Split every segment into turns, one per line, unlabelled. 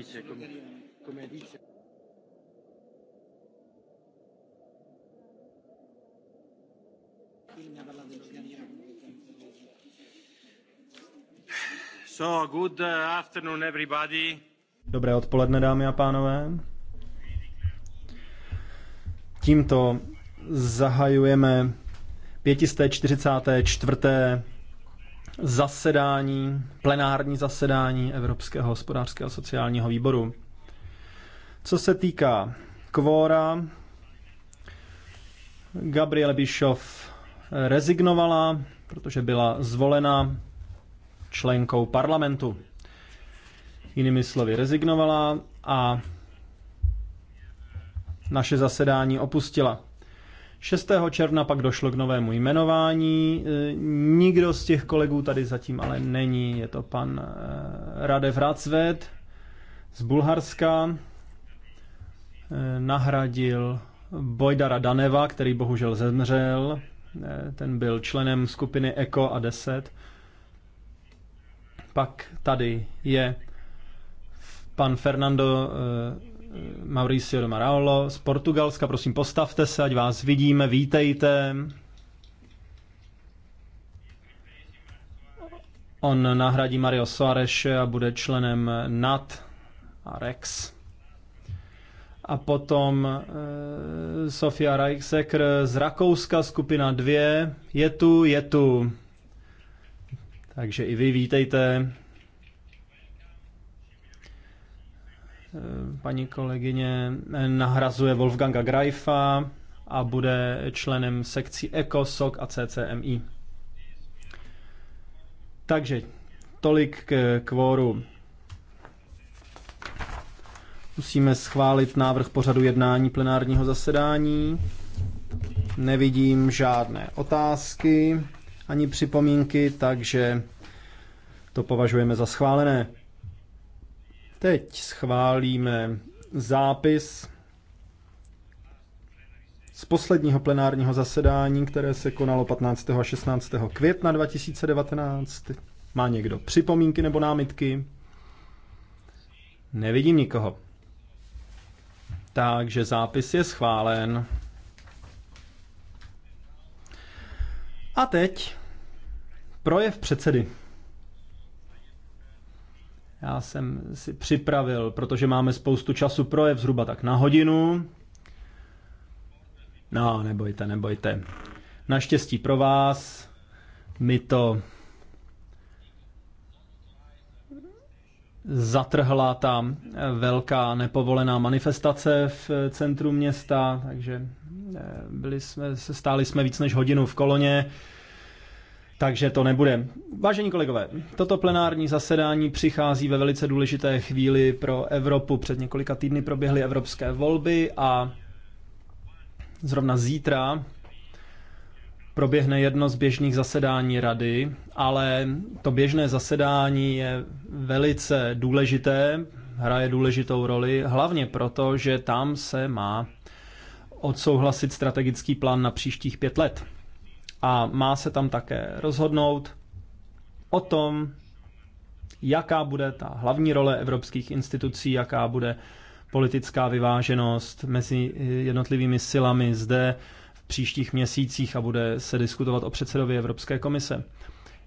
dice, come, come dice.
So, good uh, afternoon everybody. Dobré odpoledne, dámy a pánové. Tímto zahajujeme 544 zasedání, plenární zasedání Evropského hospodářského a sociálního výboru. Co se týká kvóra, Gabriel Bischoff rezignovala, protože byla zvolena členkou parlamentu. Jinými slovy, rezignovala a naše zasedání opustila. 6. června pak došlo k novému jmenování. E, nikdo z těch kolegů tady zatím ale není. Je to pan e, Radev Racvet z Bulharska. E, nahradil Bojdara Daneva, který bohužel zemřel. Ten byl členem skupiny Eko a 10. Pak tady je pan Fernando Mauricio de Maraolo z Portugalska. Prosím, postavte se, ať vás vidíme. Vítejte. On nahradí Mario Soareše a bude členem NAT a REX. A potom e, Sofia Reichsekr z Rakouska, skupina 2. Je tu, je tu. Takže i vy vítejte. Eh, paní kolegyně eh, nahrazuje Wolfganga Greifa a bude členem sekcí ECO, SOC a CCMI. Takže tolik k kvóru. Musíme schválit návrh pořadu jednání plenárního zasedání. Nevidím žádné otázky ani připomínky, takže to považujeme za schválené. Teď schválíme zápis z posledního plenárního zasedání, které se konalo 15. a 16. května 2019. Má někdo připomínky nebo námitky? Nevidím nikoho. Takže zápis je schválen. A teď projev předsedy. Já jsem si připravil, protože máme spoustu času projev, zhruba tak na hodinu. No, nebojte, nebojte. Naštěstí pro vás, my to zatrhla ta velká nepovolená manifestace v centru města, takže eh, byli jsme, stáli jsme víc než hodinu v koloně takže to nebude. Vážení kolegové, toto plenární zasedání přichází ve velice důležité chvíli pro Evropu. Před několika týdny proběhly evropské volby a zrovna zítra proběhne jedno z běžných zasedání rady, ale to běžné zasedání je velice důležité, hraje důležitou roli, hlavně proto, že tam se má odsouhlasit strategický plán na příštích pět let a má se tam také rozhodnout o tom, jaká bude ta hlavní role evropských institucí, jaká bude politická vyváženost mezi eh, jednotlivými silami zde v příštích měsících a bude se diskutovat o předsedovi Evropské komise.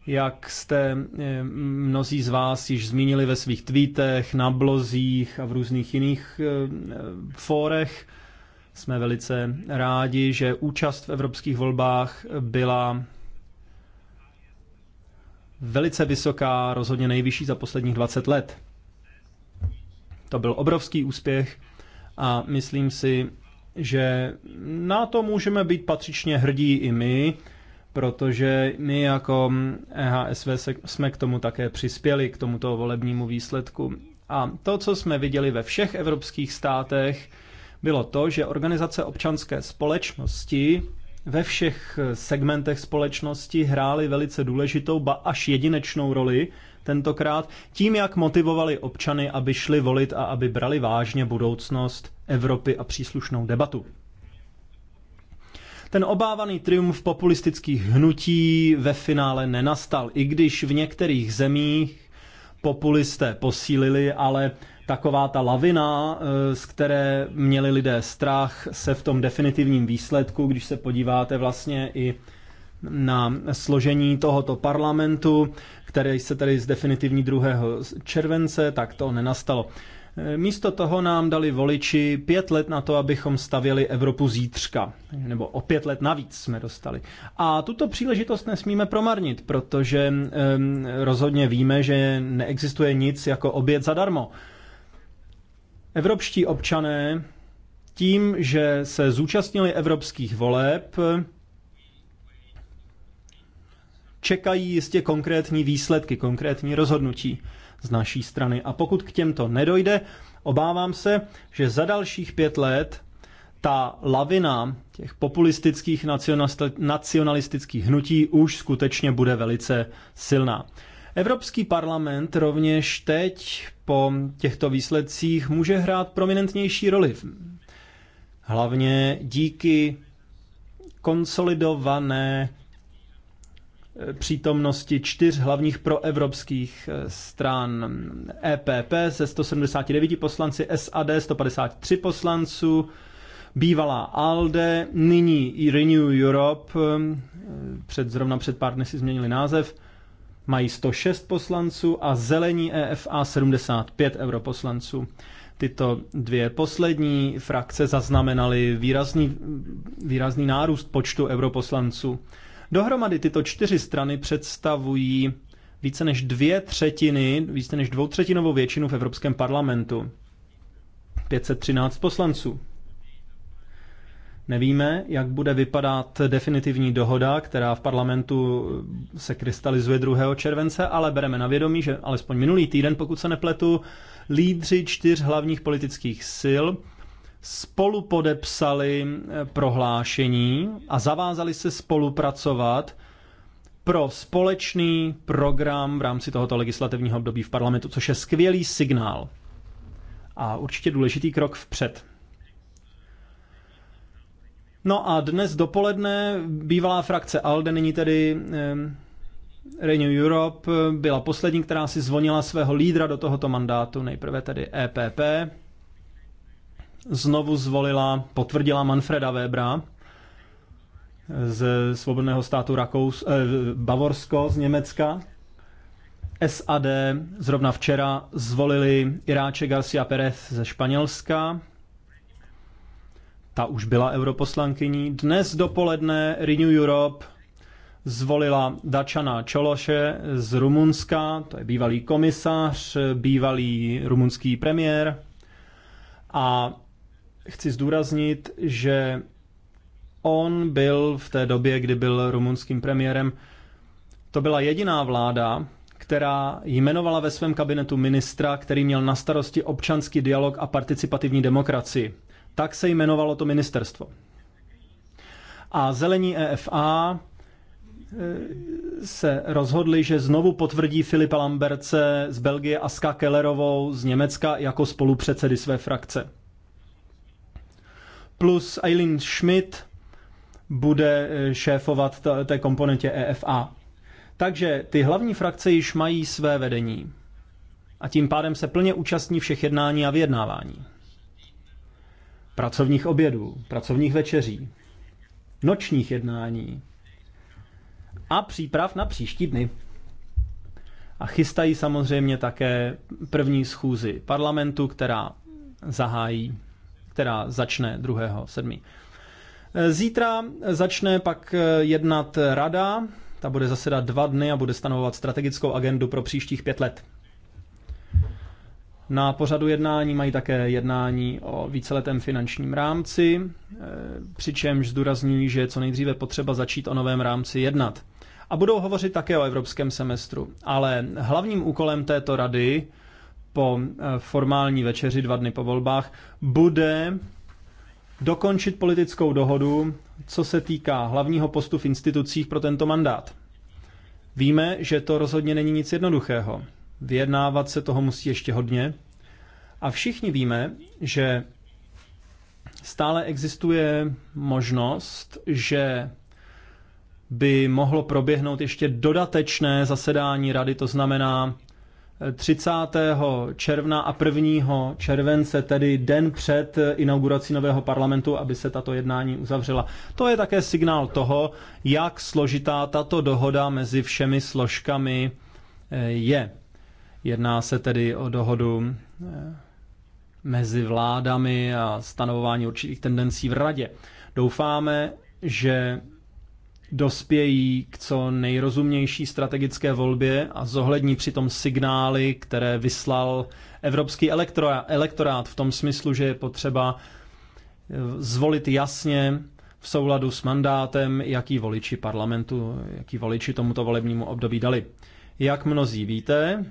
Jak jste eh, mnozí z vás již zmínili ve svých tweetech, na blozích a v různých jiných eh, fórech, jsme velice rádi, že účast v evropských volbách byla velice vysoká, rozhodně nejvyšší za posledních 20 let. To byl obrovský úspěch a myslím si, že na to můžeme být patřičně hrdí i my, protože my jako EHSV jsme k tomu také přispěli, k tomuto volebnímu výsledku. A to, co jsme viděli ve všech evropských státech, bylo to, že organizace občanské společnosti ve všech segmentech společnosti hrály velice důležitou, ba až jedinečnou roli tentokrát, tím, jak motivovali občany, aby šli volit a aby brali vážně budoucnost Evropy a příslušnou debatu. Ten obávaný triumf populistických hnutí ve finále nenastal, i když v některých zemích populisté posílili, ale taková ta lavina, eh, z které měli lidé strach, se v tom definitivním výsledku, když se podíváte vlastně i na složení tohoto parlamentu, který se tady z definitivní 2. července, tak to nenastalo. Eh, místo toho nám dali voliči pět let na to, abychom stavěli Evropu zítřka. Nebo o pět let navíc jsme dostali. A tuto příležitost nesmíme promarnit, protože um, rozhodně víme, že neexistuje nic jako oběd zadarmo. Evropští občané tím, že se zúčastnili evropských voleb, čekají jistě konkrétní výsledky, konkrétní rozhodnutí z naší strany. A pokud k těmto nedojde, obávám se, že za dalších pět let ta lavina těch populistických nacionalistických hnutí už skutečně bude velice silná. Evropský parlament rovněž teď po těchto výsledcích může hrát prominentnější roli. Hlavně díky konsolidované eh, přítomnosti čtyř hlavních proevropských eh, stran EPP se 179 poslanci, SAD 153 poslanců, bývalá ALDE, nyní i Renew Europe, eh, před, zrovna před pár dny si změnili název, mají 106 poslanců a zelení EFA 75 europoslanců. Tyto dvě poslední frakce zaznamenaly výrazný, výrazný nárůst počtu europoslanců. Dohromady tyto čtyři strany představují více než dvě třetiny, více než dvoutřetinovou většinu v Evropském parlamentu. 513 poslanců. Nevíme, jak bude vypadat definitivní dohoda, která v parlamentu eh, se krystalizuje 2. července, ale bereme na vědomí, že alespoň minulý týden, pokud se nepletu, lídři čtyř hlavních politických sil spolu podepsali eh, prohlášení a zavázali se spolupracovat pro společný program v rámci tohoto legislativního období v parlamentu, což je skvělý signál a určitě důležitý krok vpřed. No a dnes dopoledne bývalá frakce ALDE, nyní tedy Renew Europe, byla poslední, která si zvonila svého lídra do tohoto mandátu, nejprve tedy EPP. Znovu zvolila, potvrdila Manfreda Webera, z svobodného státu Rakous, eh, Bavorsko z Německa. SAD zrovna včera zvolili Iráče Garcia Perez ze Španělska ta už byla europoslankyní. Dnes dopoledne Renew Europe zvolila Dačana Čološe z Rumunska, to je bývalý komisař, bývalý rumunský premiér. A chci zdůraznit, že on byl v té době, kdy byl rumunským premiérem, to byla jediná vláda, která jmenovala ve svém kabinetu ministra, který měl na starosti občanský dialog a participativní demokracii. Tak se jmenovalo to ministerstvo. A zelení EFA e, se rozhodli, že znovu potvrdí Filipa Lamberce z Belgie a Ska Kellerovou z Německa jako spolupředsedy své frakce. Plus Eileen Schmidt bude e, šéfovat té komponentě EFA. Takže ty hlavní frakce již mají své vedení. A tím pádem se plně účastní všech jednání a vyjednávání pracovních obědů, pracovních večeří, nočních jednání a příprav na příští dny. A chystají samozřejmě také první schůzi parlamentu, která zahájí, která začne 2.7. Zítra začne pak jednat rada, ta bude zasedat dva dny a bude stanovovat strategickou agendu pro příštích pět let. Na pořadu jednání mají také jednání o víceletém finančním rámci, eh, přičemž zdůrazňují, že je co nejdříve potřeba začít o novém rámci jednat. A budou hovořit také o evropském semestru. Ale hlavním úkolem této rady po eh, formální večeři dva dny po volbách bude dokončit politickou dohodu, co se týká hlavního postu v institucích pro tento mandát. Víme, že to rozhodně není nic jednoduchého. Vyjednávat se toho musí ještě hodně. A všichni víme, že stále existuje možnost, že by mohlo proběhnout ještě dodatečné zasedání rady, to znamená 30. Eh, června a 1. července, tedy den před eh, inaugurací nového parlamentu, aby se tato jednání uzavřela. To je také signál toho, jak složitá tato dohoda mezi všemi složkami eh, je. Jedná se tedy o dohodu eh, mezi vládami a stanovování určitých tendencí v radě. Doufáme, že dospějí k co nejrozumnější strategické volbě a zohlední přitom signály, které vyslal evropský elektorát v tom smyslu, že je potřeba eh, zvolit jasně v souladu s mandátem, jaký voliči parlamentu, jaký voliči tomuto volebnímu období dali. Jak mnozí víte,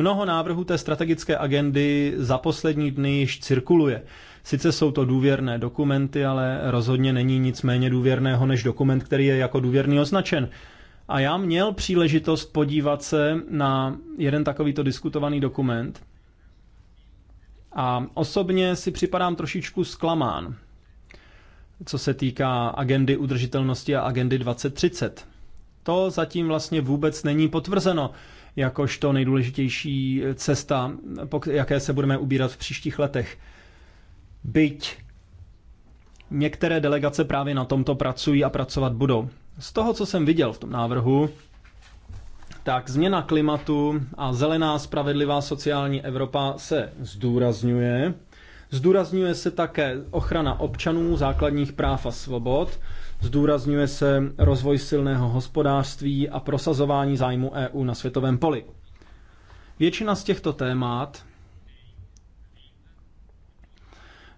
Mnoho návrhů té strategické agendy za poslední dny již cirkuluje. Sice jsou to důvěrné dokumenty, ale rozhodně není nic méně důvěrného než dokument, který je jako důvěrný označen. A já měl příležitost podívat se na jeden takovýto diskutovaný dokument a osobně si připadám trošičku zklamán, co se týká agendy udržitelnosti a agendy 2030. To zatím vlastně vůbec není potvrzeno jakožto nejdůležitější cesta, jaké se budeme ubírat v příštích letech. Byť některé delegace právě na tomto pracují a pracovat budou. Z toho, co jsem viděl v tom návrhu, tak změna klimatu a zelená spravedlivá sociální Evropa se zdůrazňuje. Zdůrazňuje se také ochrana občanů, základních práv a svobod, Zdůrazňuje se rozvoj silného hospodářství a prosazování zájmu EU na světovém poli. Většina z těchto témat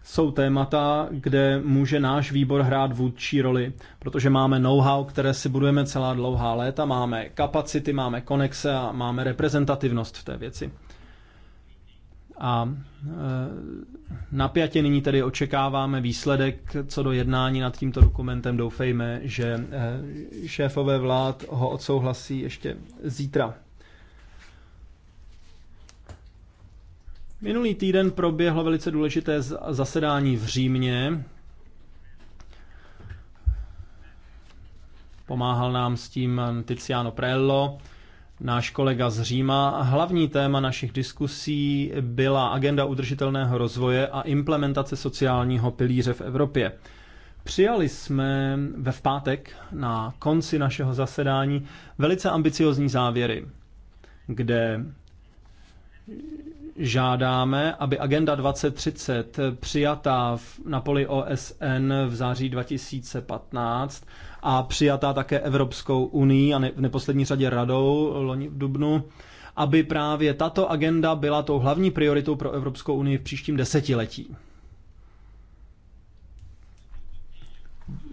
jsou témata, kde může náš výbor hrát vůdčí roli, protože máme know-how, které si budujeme celá dlouhá léta, máme kapacity, máme konexe a máme reprezentativnost v té věci. A e, napjatě nyní tedy očekáváme výsledek co do jednání nad tímto dokumentem. Doufejme, že e, šéfové vlád ho odsouhlasí ještě zítra. Minulý týden proběhlo velice důležité zasedání v Římě. Pomáhal nám s tím Tiziano Prello, náš kolega z Říma. Hlavní téma našich diskusí byla agenda udržitelného rozvoje a implementace sociálního pilíře v Evropě. Přijali jsme ve v pátek na konci našeho zasedání velice ambiciozní závěry, kde žádáme, aby Agenda 2030 eh, přijatá na poli OSN v září 2015 a přijatá také Evropskou unii a ne, v neposlední řadě radou loni v Dubnu, aby právě tato agenda byla tou hlavní prioritou pro Evropskou unii v příštím desetiletí.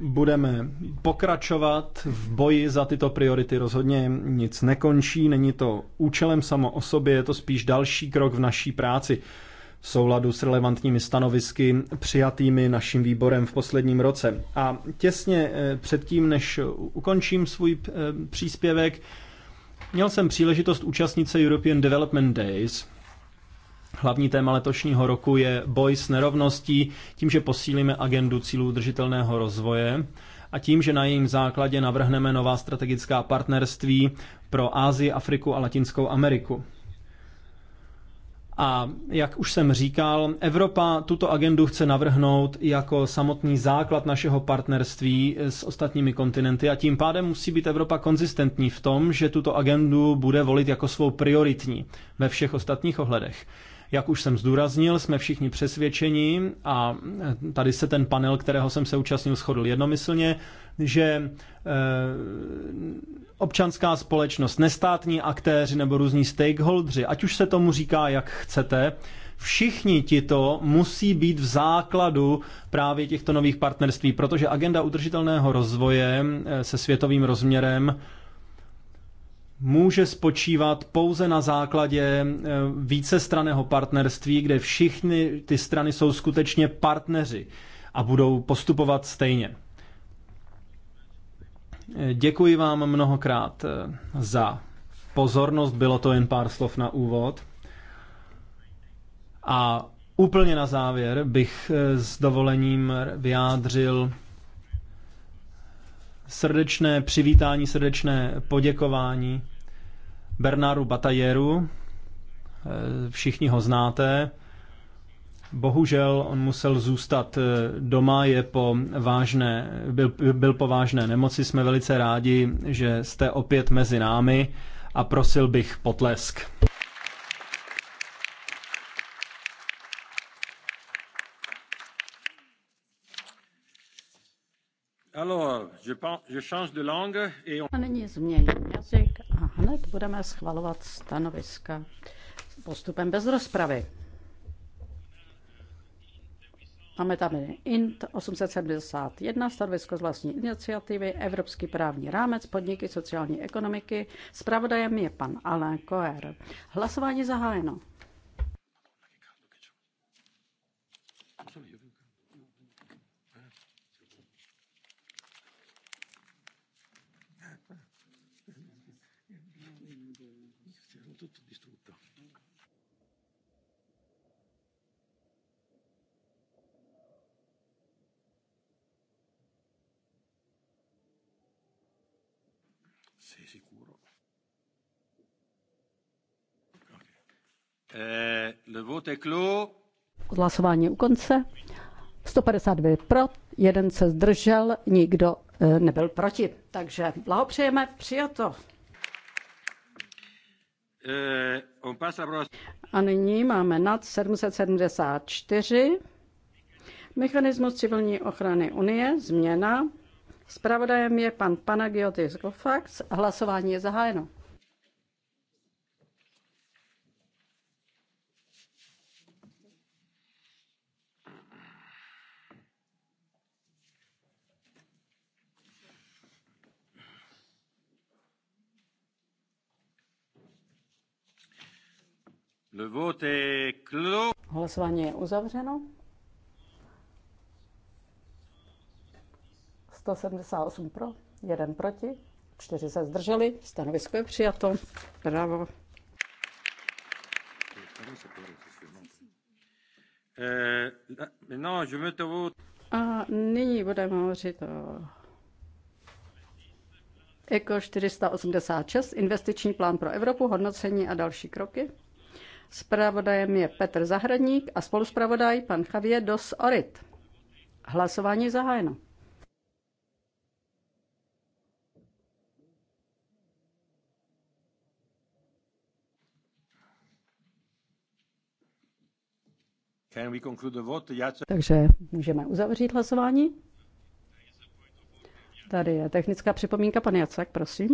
budeme pokračovat v boji za tyto priority. Rozhodně nic nekončí, není to účelem samo o sobě, je to spíš další krok v naší práci v souladu s relevantními stanovisky přijatými naším výborem v posledním roce. A těsně eh, předtím, než ukončím svůj eh, příspěvek, měl jsem příležitost účastnit se European Development Days – Hlavní téma letošního roku je boj s nerovností tím, že posílíme agendu cílů udržitelného rozvoje a tím, že na jejím základě navrhneme nová strategická partnerství pro Ázii, Afriku a Latinskou Ameriku. A jak už jsem říkal, Evropa tuto agendu chce navrhnout jako samotný základ našeho partnerství s ostatními kontinenty a tím pádem musí být Evropa konzistentní v tom, že tuto agendu bude volit jako svou prioritní ve všech ostatních ohledech. Jak už jsem zdůraznil, jsme všichni přesvědčeni a tady se ten panel, kterého jsem se účastnil, shodl jednomyslně, že eh, občanská společnost, nestátní aktéři nebo různí stakeholdři, ať už se tomu říká jak chcete, všichni tito musí být v základu právě těchto nových partnerství, protože agenda udržitelného rozvoje eh, se světovým rozměrem může spočívat pouze na základě eh, vícestraného partnerství, kde všichni ty strany jsou skutečně partneři a budou postupovat stejně. Eh, děkuji vám mnohokrát eh, za pozornost, bylo to jen pár slov na úvod. A úplně na závěr bych s dovolením vyjádřil srdečné přivítání, srdečné poděkování Bernaru Batajeru. Eh, všichni ho znáte. Bohužel on musel zůstat eh, doma, je po vážné, byl, byl po vážné nemoci. Jsme velice rádi, že jste opět mezi námi a prosil bych potlesk. A nyní
změním jazyk a hned budeme schvalovat stanoviska postupem bez rozpravy. Máme tam INT 871, stanovisko z vlastní iniciativy, Evropský právní rámec, podniky sociální ekonomiky. Spravodajem je pan Alain Koer. Hlasování zahájeno.
Sei sicuro?
Eh,
hlasování u konce. 152 pro, jeden se zdržel, nikdo eh, nebyl proti. Takže blahopřejeme, přijato. Eh, A nyní máme nad 774. Mechanismus civilní ochrany Unie, změna Spravodajem je pan Panagiotis Gofax. Hlasování je zahájeno. Hlasování je uzavřeno. 178 pro, 1 proti, 4 se zdrželi. Stanovisko je přijato. Bravo.
Eh, no,
a nyní budeme hovořit o ECO 486, investiční plán pro Evropu, hodnocení a další kroky. Spravodajem je Petr Zahradník a spoluspravodaj pan Javier Dos Orit. Hlasování zahájeno. Takže můžeme uzavřít
hlasování. Tady je technická připomínka, pan Jacek, prosím.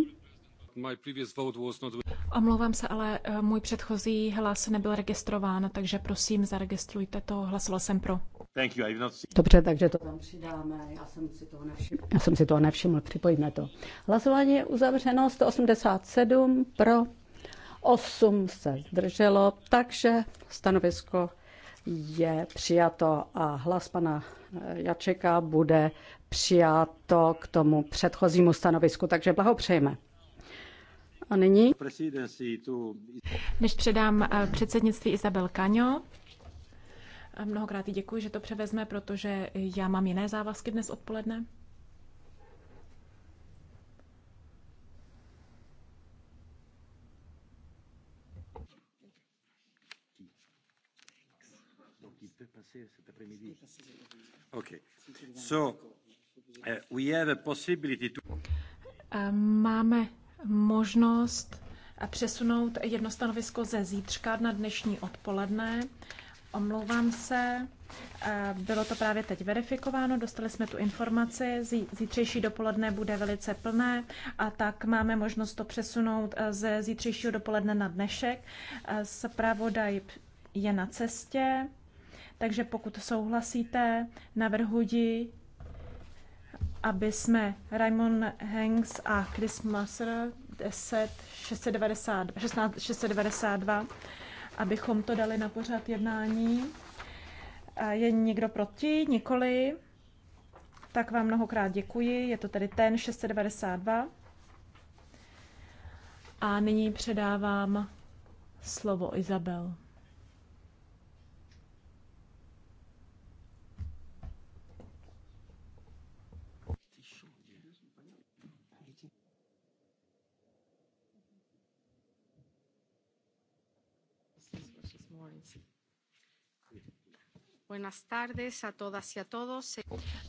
Omlouvám se, ale eh, můj předchozí hlas nebyl registrován, takže prosím, zaregistrujte to. Hlasoval jsem pro. Dobře, takže to tam přidáme. Já jsem si toho nevšiml.
Já jsem si toho nevšiml, připojíme to.
Hlasování je uzavřeno
187 pro, 8 se zdrželo, takže stanovisko je přijato a hlas pana eh, Jačeka bude přijato k tomu předchozímu stanovisku, takže blahopřejme. A nyní? Než
předám eh, předsednictví Isabel Kaňo, mnohokrát děkuji, že to převezme, protože já mám jiné závazky dnes odpoledne.
passer cet après-midi. So, uh,
we have a possibility
to...
Eh, máme možnost eh, přesunout jedno stanovisko ze zítřka na dnešní odpoledne. Omlouvám se, bylo to právě teď verifikováno, dostali jsme tu informaci, zítřejší dopoledne bude velice plné a tak máme možnost to přesunout ze zítřejšího dopoledne na dnešek. Zpravodaj je na cestě. Takže pokud souhlasíte, navrhuji, aby jsme Raymond Hanks a Chris Masser 10 690, 16, 692, abychom to dali na pořád jednání. Je někdo proti? Nikoli. Tak vám mnohokrát děkuji. Je to tedy ten 692. A nyní předávám slovo Izabel.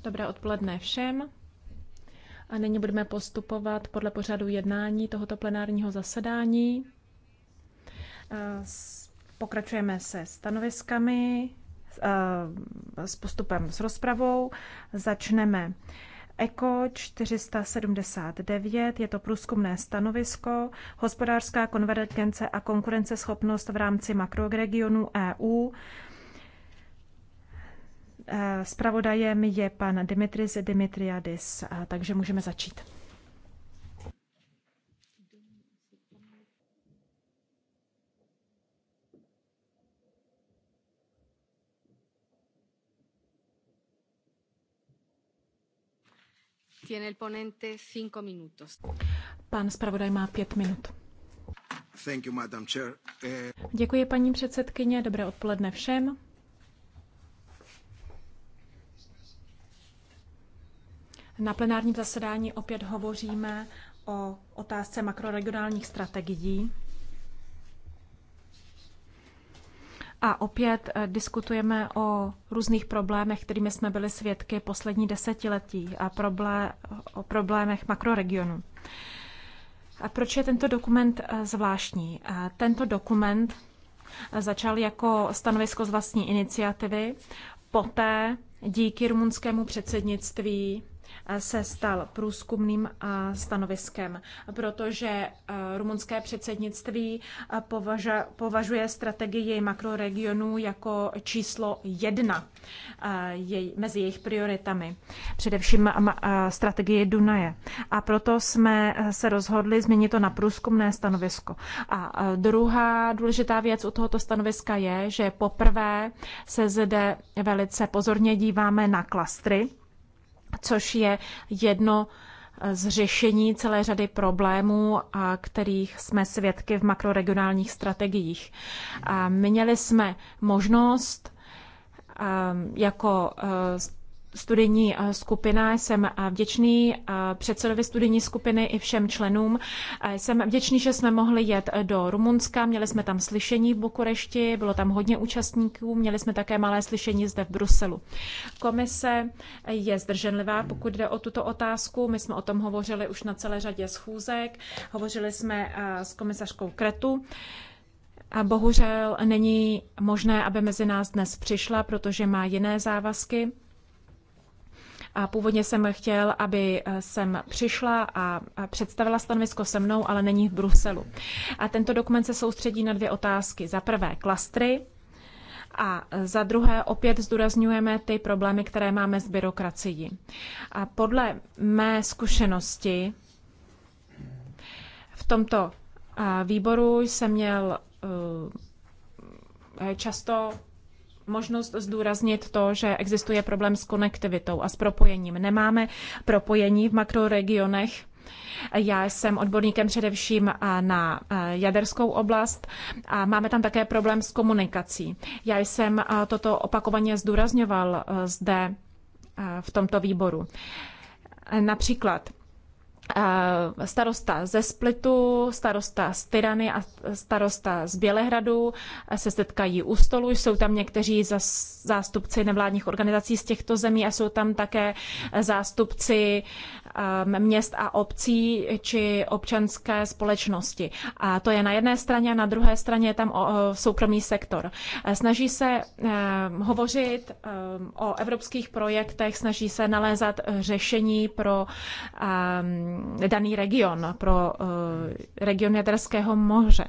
Dobré odpoledne všem. A nyní budeme postupovat podle pořadu jednání tohoto plenárního zasedání. Pokračujeme se stanoviskami, s postupem s rozpravou. Začneme ECO 479, je to průzkumné stanovisko, hospodářská konvergence a konkurenceschopnost v rámci makroregionu EU, Spravodajem je pan Dimitris Dimitriadis, takže můžeme začít.
Tiene el ponente cinco minutos.
Pan zpravodaj má pět minut.
Thank you, Madam Chair. Eh,
Děkuji, paní předsedkyně.
Dobré odpoledne všem. Na plenárním zasedání opět hovoříme o otázce makroregionálních strategií. A opět eh, diskutujeme o různých problémech, kterými jsme byli svědky poslední desetiletí a problé- o problémech makroregionu. A proč je tento dokument eh, zvláštní? Eh, tento dokument začal jako stanovisko z vlastní iniciativy, poté díky rumunskému předsednictví se stal průzkumným stanoviskem, protože rumunské předsednictví považuje strategii makroregionů jako číslo jedna mezi jejich prioritami, především strategii Dunaje. A proto jsme se rozhodli změnit to na průzkumné stanovisko. A druhá důležitá věc u tohoto stanoviska je, že poprvé se zde velice pozorně díváme na klastry, což je jedno eh, z řešení celé řady problémů, kterých jsme svědky v makroregionálních strategiích. Měli jsme možnost eh, jako eh, studijní eh, skupina. Jsem eh, vděčný eh, předsedovi studijní skupiny i všem členům. Jsem vděčný, že jsme mohli jet do Rumunska. Měli jsme tam slyšení v Bukurešti, bylo tam hodně účastníků. Měli jsme také malé slyšení zde v Bruselu. Komise je zdrženlivá, pokud jde o tuto otázku. My jsme o tom hovořili už na celé řadě schůzek. Hovořili jsme s komisařkou Kretu. A bohužel není možné, aby mezi nás dnes přišla, protože má jiné závazky. A původně jsem chtěl, aby jsem eh, přišla a představila stanovisko se mnou, ale není v Bruselu. A tento dokument se soustředí na dvě otázky. Za prvé klastry a za druhé opět zdůrazňujeme ty problémy, které máme s byrokracií. A podle mé zkušenosti v tomto eh, výboru jsem měl eh, často možnost zdůraznit to, že existuje problém s konektivitou a s propojením. Nemáme propojení v makroregionech. Já jsem odborníkem především na jaderskou oblast a máme tam také problém s komunikací. Já jsem toto opakovaně zdůrazňoval e, zde e, v tomto výboru. E, například starosta ze Splitu, starosta z Tyrany a starosta z Bělehradu se setkají u stolu. Jsou tam někteří zástupci nevládních organizací z těchto zemí a jsou tam také zástupci Um, měst a obcí či občanské společnosti. A to je na jedné straně, a na druhé straně je tam soukromý sektor. E, snaží se e, hovořit e, o evropských projektech, snaží se nalézat řešení pro daný region, pro region Jaderského moře.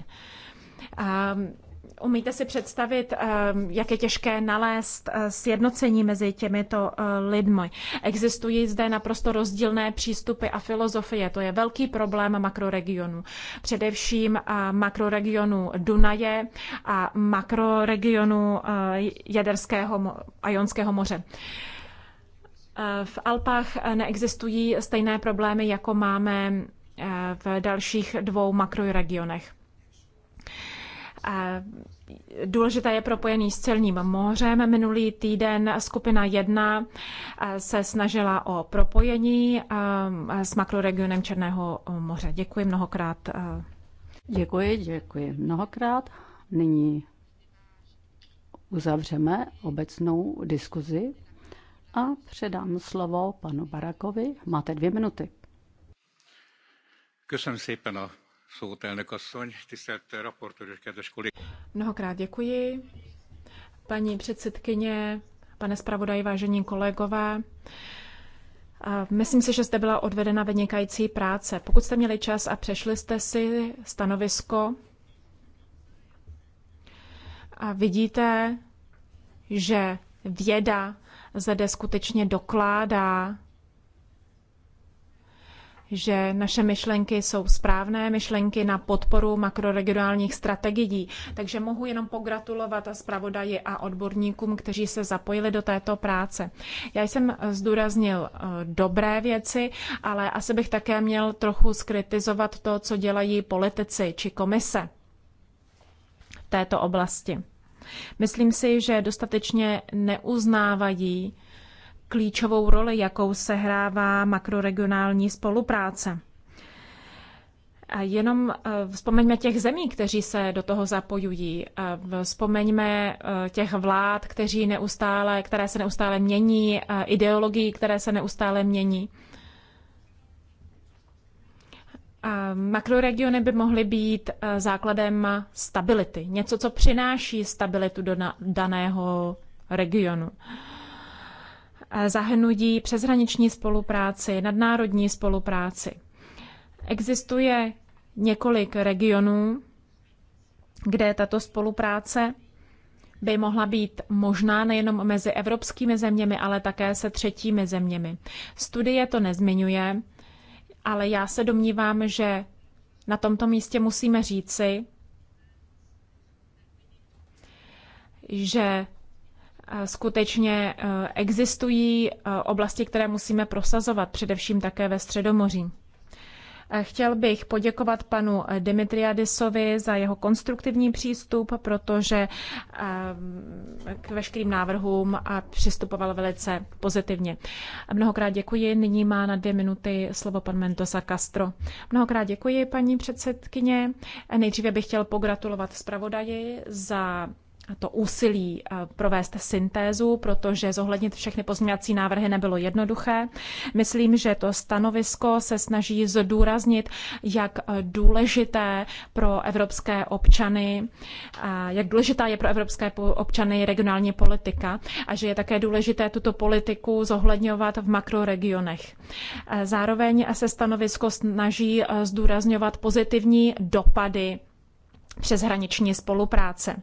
Umíte si představit, eh, jak je těžké nalézt eh, sjednocení mezi těmito eh, lidmi. Existují zde naprosto rozdílné přístupy a filozofie. To je velký problém makroregionu. Především makroregionu Dunaje a makroregionu Jaderského a Jonského moře. V Alpách neexistují stejné problémy, jako máme v dalších dvou makroregionech. Důležité je propojený s celním mořem. Minulý týden skupina 1 se snažila o propojení s makroregionem Černého e, moře. Děkuji mnohokrát. E.
Děkuji, děkuji mnohokrát. Nyní uzavřeme obecnou diskuzi a předám slovo panu Barakovi. Máte dvě minuty.
Děkuji, szépen asszony, tisztelt raportőr és kedves
Mnohokrát děkuji. Paní předsedkyně, pane zpravodaji, vážení kolegové, Myslím si, že jste byla odvedena vynikající práce. Pokud jste měli čas a přešli jste si stanovisko, a vidíte, že věda zde skutečně dokládá že naše myšlenky jsou správné, myšlenky na podporu makroregionálních strategií. Takže mohu jenom pogratulovat zpravodaji a odborníkům, kteří se zapojili do této práce. Já jsem zdůraznil eh, dobré věci, ale asi bych také měl trochu skritizovat to, co dělají politici či komise v této oblasti. Myslím si, že dostatečně neuznávají klíčovou roli, jakou sehrává makroregionální spolupráce. A jenom eh, vzpomeňme těch zemí, kteří se do toho zapojují. Eh, vzpomeňme eh, těch vlád, kteří neustále, které se neustále mění, ideologií, které se neustále mění. A makroregiony by mohly být základem stability. Něco, co přináší stabilitu do daného regionu zahrnují přeshraniční spolupráci, nadnárodní spolupráci. Existuje několik regionů, kde tato spolupráce by mohla být možná nejenom mezi evropskými zeměmi, ale také se třetími zeměmi. Studie to nezmiňuje, ale já se domnívám, že na tomto místě musíme říci, že Eh, skutečně eh, existují eh, oblasti, které musíme prosazovat, především také ve Středomoří. Chtěl bych poděkovat panu Dimitriadisovi za jeho konstruktivní přístup, protože k veškerým návrhům přistupoval velice pozitivně. Mnohokrát děkuji. Nyní má na dvě minuty slovo pan Mendoza Castro. Mnohokrát děkuji, paní předsedkyně. Nejdříve bych chtěl pogratulovat zpravodaji za to úsilí eh, provést syntézu, protože zohlednit všechny pozměňovací návrhy nebylo jednoduché. Myslím, že to stanovisko se snaží zdůraznit, jak eh, důležité pro evropské občany, eh, jak důležitá je pro evropské občany regionální politika a že je také důležité tuto politiku zohledňovat v makroregionech. Zároveň se stanovisko snaží zdůrazňovat pozitivní dopady přeshraniční spolupráce.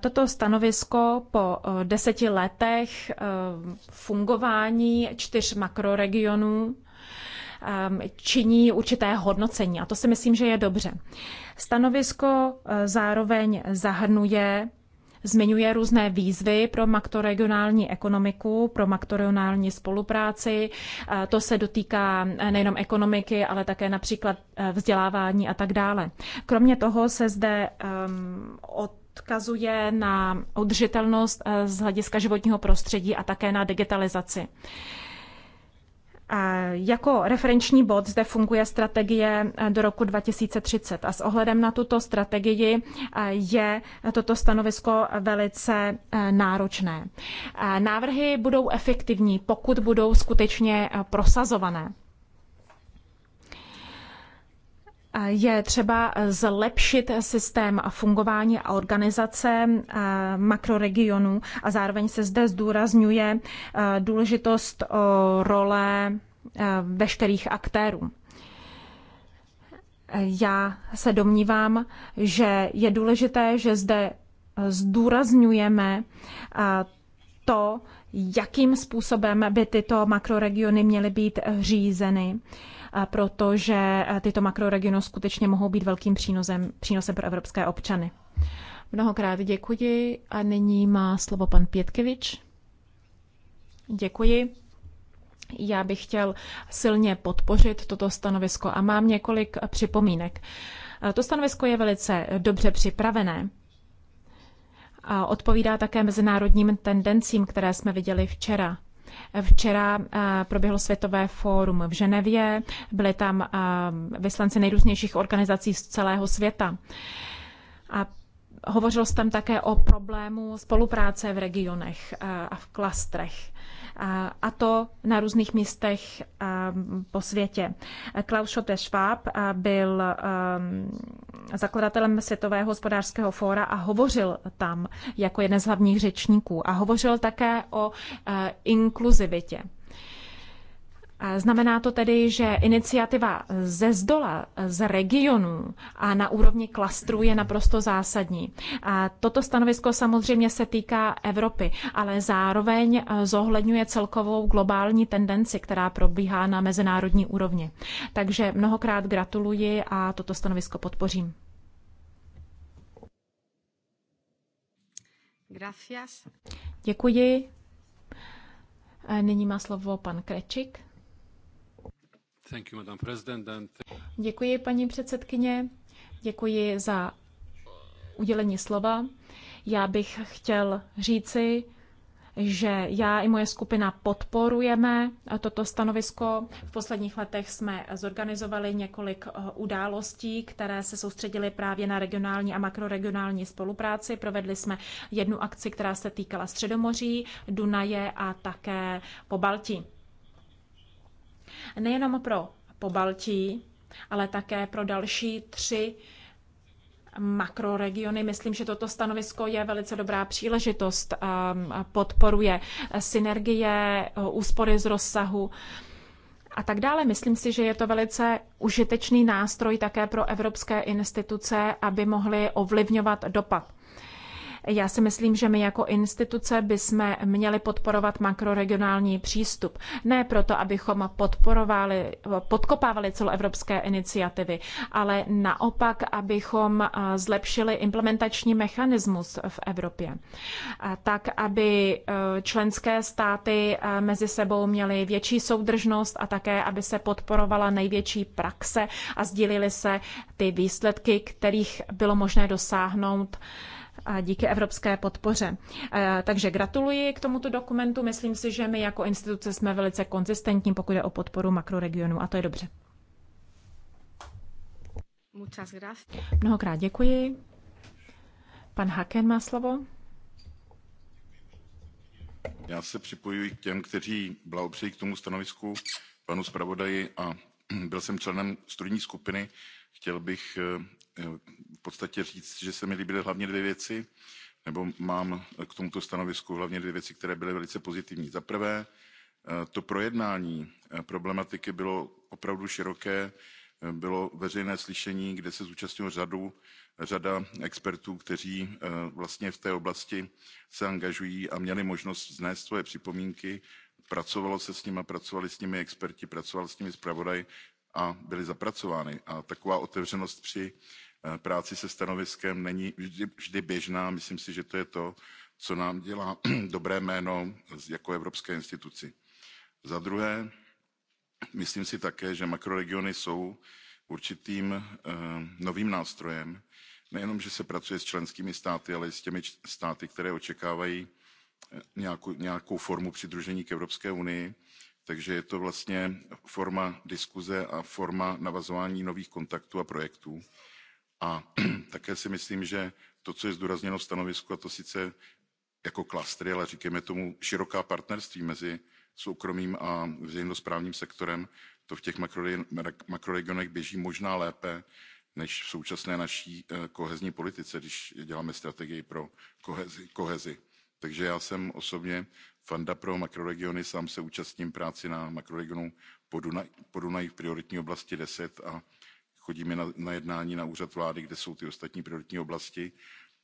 Toto stanovisko po eh, deseti letech eh, fungování čtyř makroregionů eh, činí určité hodnocení a to si myslím, že je dobře. Stanovisko zároveň zahrnuje zmiňuje různé výzvy pro makroregionální ekonomiku, pro makroregionální spolupráci. To se dotýká nejenom ekonomiky, ale také například vzdělávání a tak dále. Kromě toho se zde um, od odkazuje na udržitelnost eh, z hlediska životního prostředí a také na digitalizaci. A eh, jako referenční bod zde funguje strategie eh, do roku 2030 a s ohledem na tuto strategii je toto stanovisko velice náročné. Návrhy budou efektivní, pokud budou skutečně prosazované. Je třeba zlepšit systém a fungování a organizace eh, makroregionů a zároveň se zde zdůrazňuje eh, důležitost eh, role veškerých aktérů. Já se domnívám, že je důležité, že zde zdůrazňujeme to, jakým způsobem by tyto makroregiony měly být řízeny protože eh, tyto makroregiony skutečně mohou být velkým přínosem, přínosem pro evropské občany. Mnohokrát děkuji a nyní má slovo pan Pětkevič. Děkuji. Já bych chtěl silně podpořit toto stanovisko a mám několik připomínek. Eh, to stanovisko je velice dobře připravené. A odpovídá také mezinárodním tendencím, které jsme viděli včera. Včera proběhlo Světové fórum v Ženevě, byly tam vyslanci nejrůznějších organizací z celého světa. A se tam také o problému spolupráce v regionech a v klastrech a to na různých místech po světě. Klaus Schotte Schwab byl zakladatelem Světového hospodářského fóra a hovořil tam jako jeden z hlavních řečníků a hovořil také o inkluzivitě. Znamená to tedy, že iniciativa ze zdola, z regionu a na úrovni klastru je naprosto zásadní. A toto stanovisko samozřejmě se týká Evropy, ale zároveň eh, zohledňuje celkovou globální tendenci, která probíhá na mezinárodní úrovni. Takže mnohokrát gratuluji a toto stanovisko podpořím.
Gracias.
Děkuji. Eh, nyní má slovo pan Krečik. Děkuji, paní předsedkyně. Děkuji za udělení slova. Já bych chtěl říci, že já i moje skupina podporujeme toto stanovisko. V posledních letech jsme zorganizovali několik eh, událostí, které se soustředily právě na regionální a makroregionální spolupráci. Provedli jsme jednu akci, která se týkala Středomoří, Dunaje a také po Baltii nejenom pro Pobaltí, ale také pro další tři makroregiony. Myslím, že toto stanovisko je velice dobrá příležitost. Podporuje synergie, úspory z rozsahu a tak dále. Myslím si, že je to velice užitečný nástroj také pro evropské instituce, aby mohly ovlivňovat dopad. Já si myslím, že my jako instituce bychom měli podporovat makroregionální přístup. Ne proto, abychom podporovali, podkopávali celoevropské iniciativy, ale naopak, abychom zlepšili implementační mechanismus v Evropě. Tak, aby e, členské státy e, mezi sebou měly větší soudržnost a také, aby se podporovala největší praxe a sdílily se ty výsledky, kterých bylo možné dosáhnout díky evropské podpoře. Eh, takže gratuluji k tomuto dokumentu. Myslím si, že my jako instituce jsme velice konzistentní, pokud je o podporu makroregionu a to je dobře. Mnohokrát děkuji. Pan Haken má slovo.
Já se připojuji k těm, kteří blahopřejí k tomu stanovisku panu zpravodaji a byl jsem členem studijní skupiny. Chtěl bych eh, Eh, v podstatě říct že se mi líbily hlavně dvě věci nebo mám k tomuto stanovisku hlavně dvě věci které byly velice pozitivní. za prvé eh, to projednání eh, problematiky bylo opravdu široké bylo veřejné slyšení kde se zúčastnila řada expertů kteří vlastně v té oblasti se angažují a měli možnost vznést svoje připomínky pracovalo se s nimi pracovali s nimi experti pracoval s nimi zpravodaj a byly zapracovány. a taková otevřenost při Eh, práci se stanoviskem není vždy běžná myslím si že to je to co nám dělá dobré jméno jako evropské instituci. za druhé myslím si také že makroregiony jsou určitým eh, novým nástrojem nejenom že se pracuje s členskými státy ale i s těmi státy které očekávají eh, nějakou, nějakou formu přidružení k evropské unii takže je to vlastně forma diskuze a forma navazování nových kontaktů a projektů a také si myslím že to co je zdůrazněno ve stanovisku a to sice jako klastry ale říkejme tomu široká partnerství mezi soukromým a veřejnosprávním sektorem to v těch makroregionech běží možná lépe než v současné naší eh, kohezní politice když děláme strategii pro kohezi. kohezi. takže já jsem osobně fanda pro makroregiony sám se účastním práce na makroregionu podunají v prioritní oblasti ten a chodíme na, na jednání na úřad vlády kde jsou ty ostatní prioritní oblasti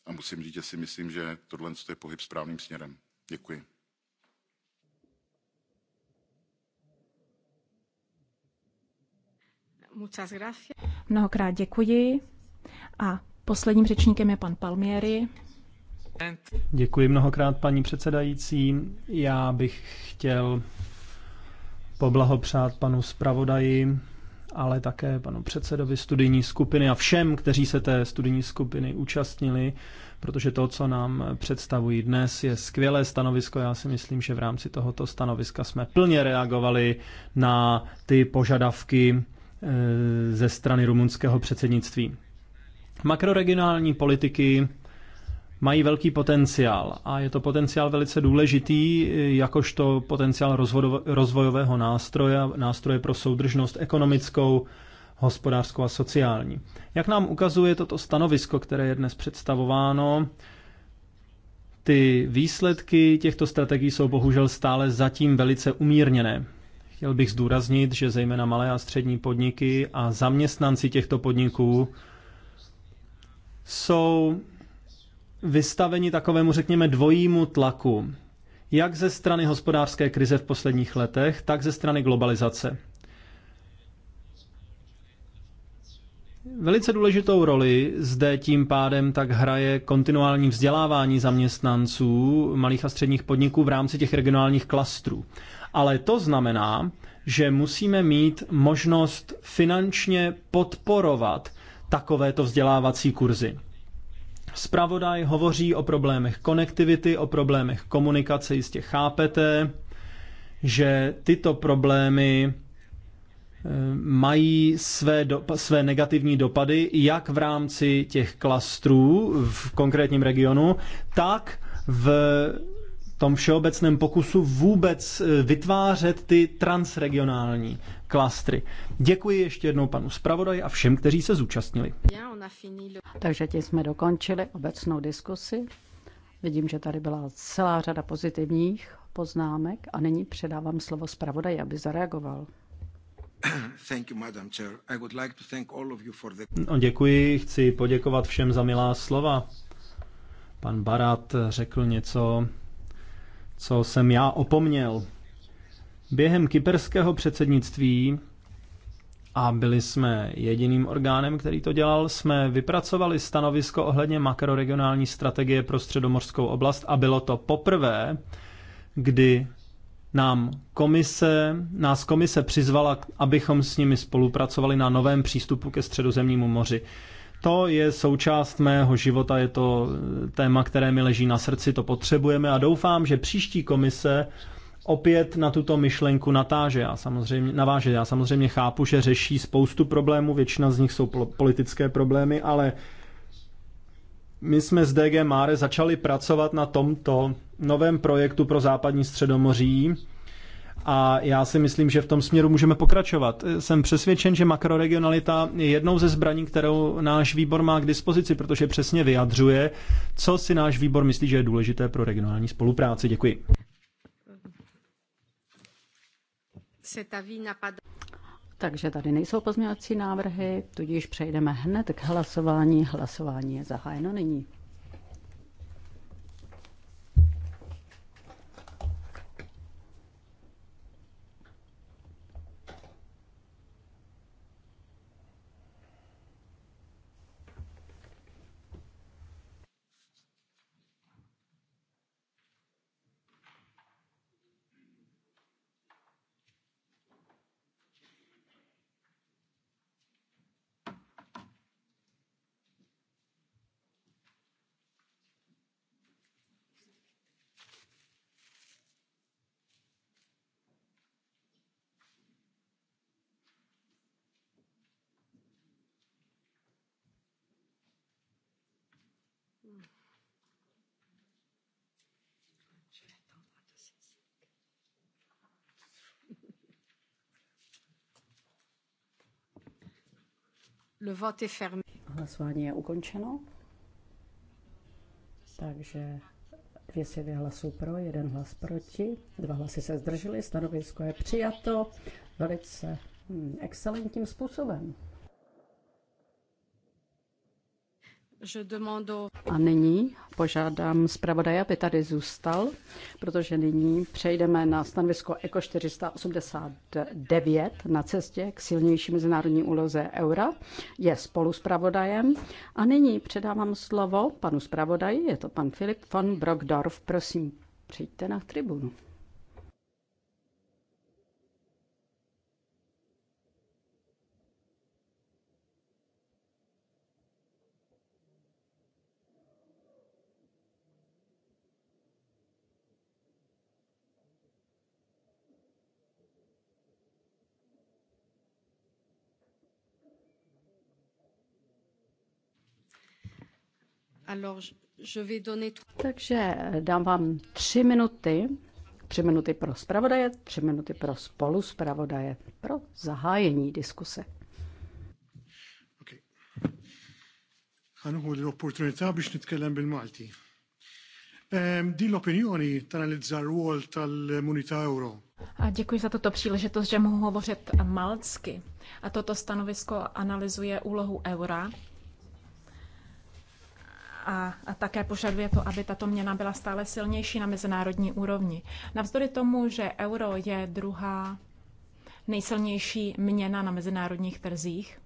a musím říct že si myslím že tohle je pohyb správným směrem. děkuji.
Mnohokrát děkuji a posledním řečníkem je pan Palmieri.
Děkuji mnohokrát, paní předsedající. Já bych chtěl poblahopřát panu zpravodaji ale také panu předsedovi studijní skupiny a všem, kteří se té studijní skupiny účastnili, protože to, co nám představují dnes, je skvělé stanovisko. Já si myslím, že v rámci tohoto stanoviska jsme plně reagovali na ty požadavky eh, ze strany rumunského předsednictví. Makroregionální politiky mají velký potenciál a je to potenciál velice důležitý, jakožto potenciál rozvojového nástroje, nástroje pro soudržnost ekonomickou, hospodářskou a sociální. Jak nám ukazuje toto stanovisko, které je dnes představováno, ty výsledky těchto strategií jsou bohužel stále zatím velice umírněné. Chtěl bych zdůraznit, že zejména malé a střední podniky a zaměstnanci těchto podniků jsou vystaveni takovému, řekněme, dvojímu tlaku. Jak ze strany hospodářské krize v posledních letech, tak ze strany globalizace. Velice důležitou roli zde tím pádem tak hraje kontinuální vzdělávání zaměstnanců malých a středních podniků v rámci těch regionálních klastrů. Ale to znamená, že musíme mít možnost finančně podporovat takovéto vzdělávací kurzy. Spravodaj hovoří o problémech konektivity, o problémech komunikace, jistě chápete, že tyto problémy eh, mají své, do, své negativní dopady jak v rámci těch klastrů v konkrétním regionu, tak v tom všeobecném pokusu vůbec eh, vytvářet ty transregionální klastry. Děkuji ještě jednou panu zpravodaji a všem, kteří se zúčastnili.
Takže
tím jsme dokončili obecnou diskusi. Vidím, že tady byla celá řada pozitivních poznámek a nyní předávám slovo zpravodaji,
aby zareagoval.
No, děkuji, chci poděkovat všem za milá slova. Pan Barat řekl něco co jsem já opomněl. Během kyperského předsednictví, a byli jsme jediným orgánem, který to dělal, jsme vypracovali stanovisko ohledně makroregionální strategie pro středomorskou oblast a bylo to poprvé, kdy nám komise, nás komise přizvala, abychom s nimi spolupracovali na novém přístupu ke středozemnímu moři. To je součást mého života, je to téma, které mi leží na srdci, to potřebujeme a doufám, že příští komise opět na tuto myšlenku natáže. Já samozřejmě, naváže. Já samozřejmě chápu, že řeší spoustu problémů, většina z nich jsou politické problémy, ale my jsme s DG Máre začali pracovat na tomto novém projektu pro západní středomoří, a já si myslím, že v tom směru můžeme pokračovat. Jsem přesvědčen, že makroregionalita je jednou ze zbraní, kterou náš výbor má k dispozici, protože přesně vyjadřuje, co si náš výbor myslí, že je důležité pro regionální spolupráci. Děkuji.
Takže tady nejsou pozměňovací návrhy, tudíž přejdeme hned k hlasování. Hlasování je zahájeno nyní. Le vote est fermé. Hlasování je ukončeno. Takže 200 hlasů pro, jeden hlas proti, dva hlasy se zdržely, stanovisko je přijato velice hm, excelentním způsobem. A nyní požádám zpravodaje, aby tady zůstal, protože nyní přejdeme na stanovisko ECO 489 na cestě k silnější mezinárodní úloze eura. Je spolu pravodajem. A nyní předávám slovo panu zpravodaji, je to pan Filip von Brockdorf. Prosím, přijďte na tribunu. Takže eh, dám vám tři minuty, tři minuty pro zpravodaje, tři minuty pro spolu zpravodaje, pro zahájení diskuse. Okay.
Għanuħu l-opportunità biex nitkellem bil-Malti. Ehm, din l-opinjoni tanalizza r-rwol tal-Munita Euro.
A děkuji za tuto příležitost, že mohu hovořit malcky. A toto stanovisko analyzuje úlohu eura a také požaduje to, aby tato měna byla stále silnější na mezinárodní úrovni. Navzdory tomu, že euro je druhá nejsilnější měna na mezinárodních trzích,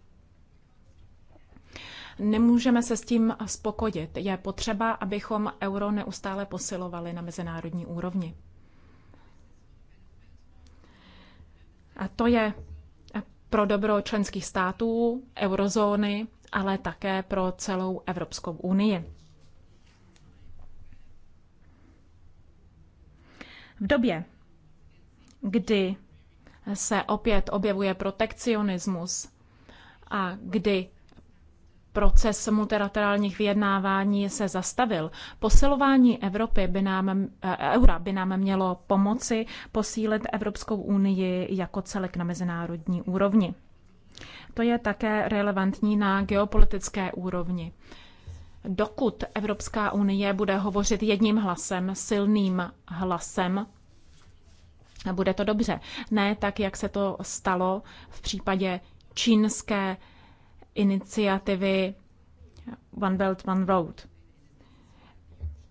nemůžeme se s tím spokojit. Je potřeba, abychom euro neustále posilovali na mezinárodní úrovni. A to je pro dobro členských států, eurozóny ale také pro celou Evropskou unii. V době, kdy se opět objevuje protekcionismus a kdy proces multilaterálních vyjednávání se zastavil. Posilování Evropy by nám, eh, eura by nám mělo pomoci posílit Evropskou unii jako celek na mezinárodní úrovni. To je také relevantní na geopolitické úrovni. Dokud Evropská unie bude hovořit jedním hlasem, silným hlasem, bude to dobře. Ne tak, jak se to stalo v případě čínské iniciativy One Belt, One Road.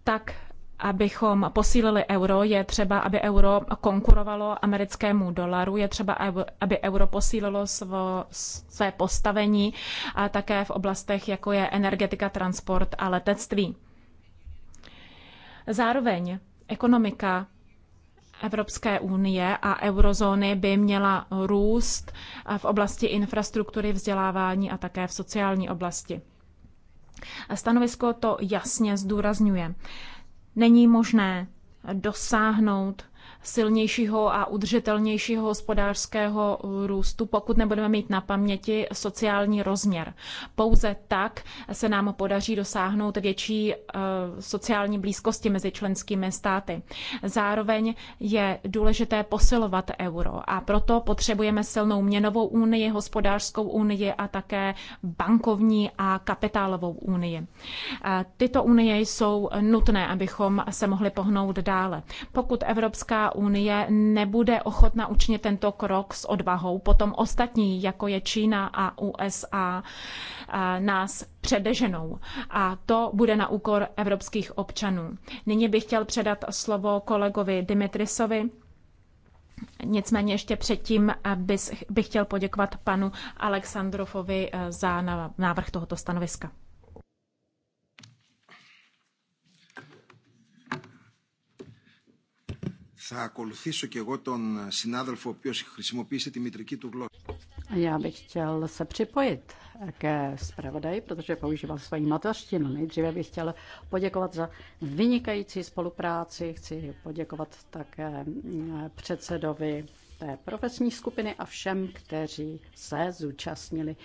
Tak abychom posílili euro, je třeba, aby euro konkurovalo americkému dolaru, je třeba, aby euro posílilo svo, své postavení a také v oblastech, jako je energetika, transport a letectví. Zároveň ekonomika Evropské unie a eurozóny by měla růst v oblasti infrastruktury, vzdělávání a také v sociální oblasti. Stanovisko to jasně zdůrazňuje není možné dosáhnout silnějšího a udržitelnějšího hospodářského růstu, pokud nebudeme mít na paměti sociální rozměr. Pouze tak se nám podaří dosáhnout větší eh, sociální blízkosti mezi členskými státy. Zároveň je důležité posilovat euro a proto potřebujeme silnou měnovou unii, hospodářskou unii a také bankovní a kapitálovou unii. Eh, tyto unie jsou nutné, abychom se mohli pohnout dále. Pokud Evropská unie nebude ochotna učinit tento krok s odvahou, potom ostatní, jako je Čína a USA, eh, nás předeženou. A to bude na úkor evropských občanů. Nyní bych chtěl předat slovo kolegovi Dimitrisovi. Nicméně ještě předtím eh, bych chtěl poděkovat panu Alexandrovovi eh, za návrh tohoto stanoviska.
θα ακολουθήσω και εγώ τον συνάδελφο ο οποίος χρησιμοποίησε τη μητρική του γλώσσα.
Já bych chtěl se připojit ke zpravodaji, protože používal svoji mateřštinu. Nejdříve bych chtěl poděkovat za vynikající spolupráci. Chci poděkovat také mm, předsedovi té profesní skupiny a všem, kteří se zúčastnili.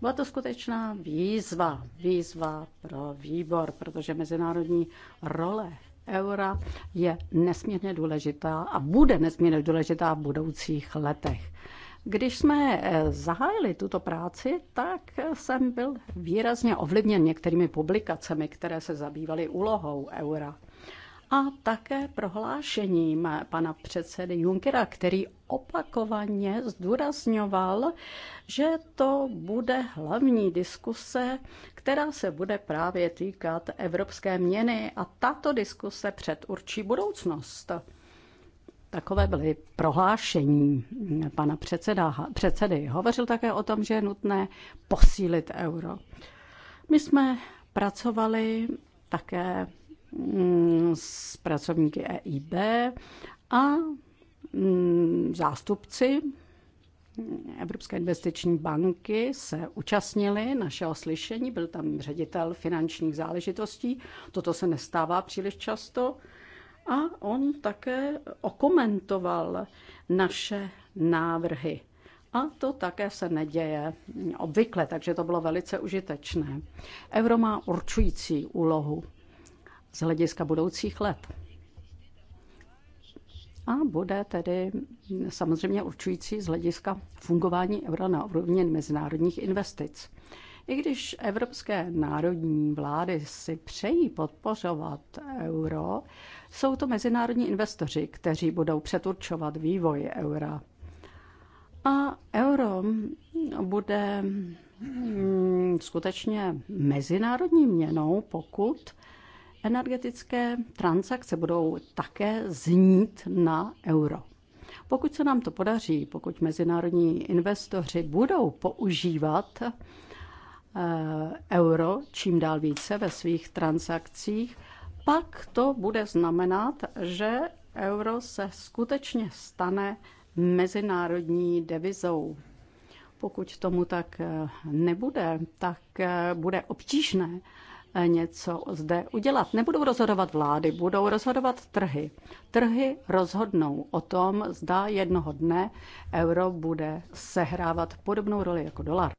Byla to skutečná výzva, výzva pro výbor, protože mezinárodní role eura je nesmírně důležitá a bude nesmírně důležitá v budoucích letech. Když jsme eh, zahájili tuto práci, tak jsem byl výrazně ovlivněn některými publikacemi, které se zabývaly úlohou eura. A také prohlášením pana předsedy Junkera, který opakovaně zdůrazňoval, že to bude hlavní diskuse, která se bude právě týkat evropské měny a tato diskuse předurčí budoucnost. Takové byly prohlášení pana předseda, předsedy. Hovořil také o tom, že je nutné posílit euro. My jsme pracovali také mm, s pracovníky EIB a Mm, zástupci Evropské investiční banky se účastnili našeho slyšení, byl tam ředitel finančních záležitostí, toto se nestává příliš často. A on také okomentoval naše návrhy. A to také se neděje obvykle, takže to bylo velice užitečné. Euro má určující úlohu z hlediska budoucích let a bude tedy samozřejmě určující z hlediska fungování eura na úrovni mezinárodních investic. I když evropské národní vlády si přejí podpořovat euro, jsou to mezinárodní investoři, kteří budou předurčovat vývoj eura. A euro bude mm, skutečně mezinárodní měnou, pokud Energetické transakce budou také znít na euro. Pokud se nám to podaří, pokud mezinárodní investoři budou používat eh, euro čím dál více ve svých transakcích, pak to bude znamenat, že euro se skutečně stane mezinárodní devizou. Pokud tomu tak eh, nebude, tak eh, bude obtížné něco zde udělat. Nebudou rozhodovat vlády, budou rozhodovat trhy. Trhy rozhodnou o tom, zda jednoho dne euro bude sehrávat podobnou roli jako dolar.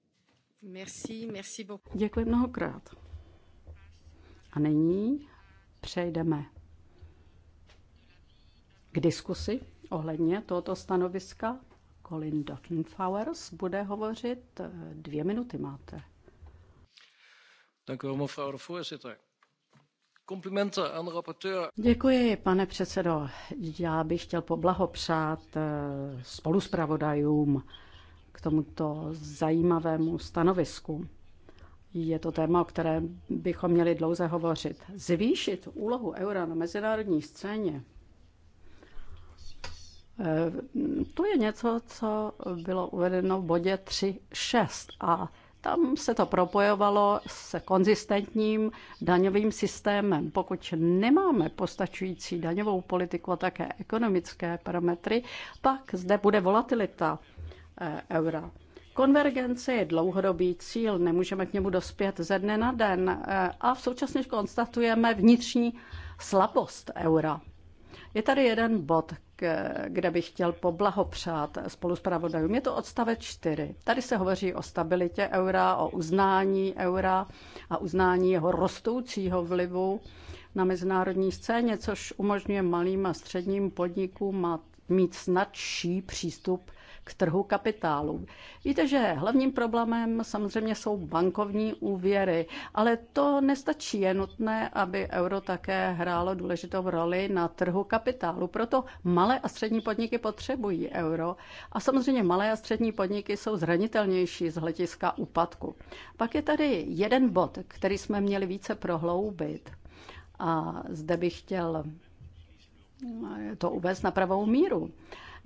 Merci, merci
Děkuji mnohokrát. A nyní přejdeme k diskusi ohledně tohoto stanoviska. Colin Dottenfowers bude hovořit. Eh, dvě minuty máte. Děkuji, pane předsedo. Já bych chtěl poblahopřát eh, spoluspravodajům k tomuto zajímavému stanovisku. Je to téma, o kterém bychom měli dlouze hovořit. Zvýšit úlohu eura na mezinárodní scéně, eh, to je něco, co bylo uvedeno v bodě 3.6 a tam se to propojovalo s konzistentním daňovým systémem. Pokud nemáme postačující daňovou politiku a také ekonomické parametry, pak zde bude volatilita eh, eura. Konvergence je dlouhodobý cíl, nemůžeme k němu dospět ze dne na den eh, a v současně konstatujeme vnitřní slabost eura. Je tady jeden bod, kde bych chtěl poblahopřát spolu s pravodajům. Je to odstavec 4. Tady se hovoří o stabilitě eura, o uznání eura a uznání jeho rostoucího vlivu na mezinárodní scéně, což umožňuje malým a středním podnikům mít snadší přístup k trhu kapitálu. Víte, že hlavním problémem samozřejmě jsou bankovní úvěry, ale to nestačí. Je nutné, aby euro také hrálo důležitou roli na trhu kapitálu. Proto malé a střední podniky potřebují euro a samozřejmě malé a střední podniky jsou zranitelnější z hlediska úpadku. Pak je tady jeden bod, který jsme měli více prohloubit. A zde bych chtěl to uvést na pravou míru.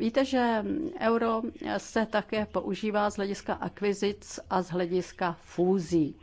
Víte, že euro se také používá z hlediska akvizic a z hlediska fúzí.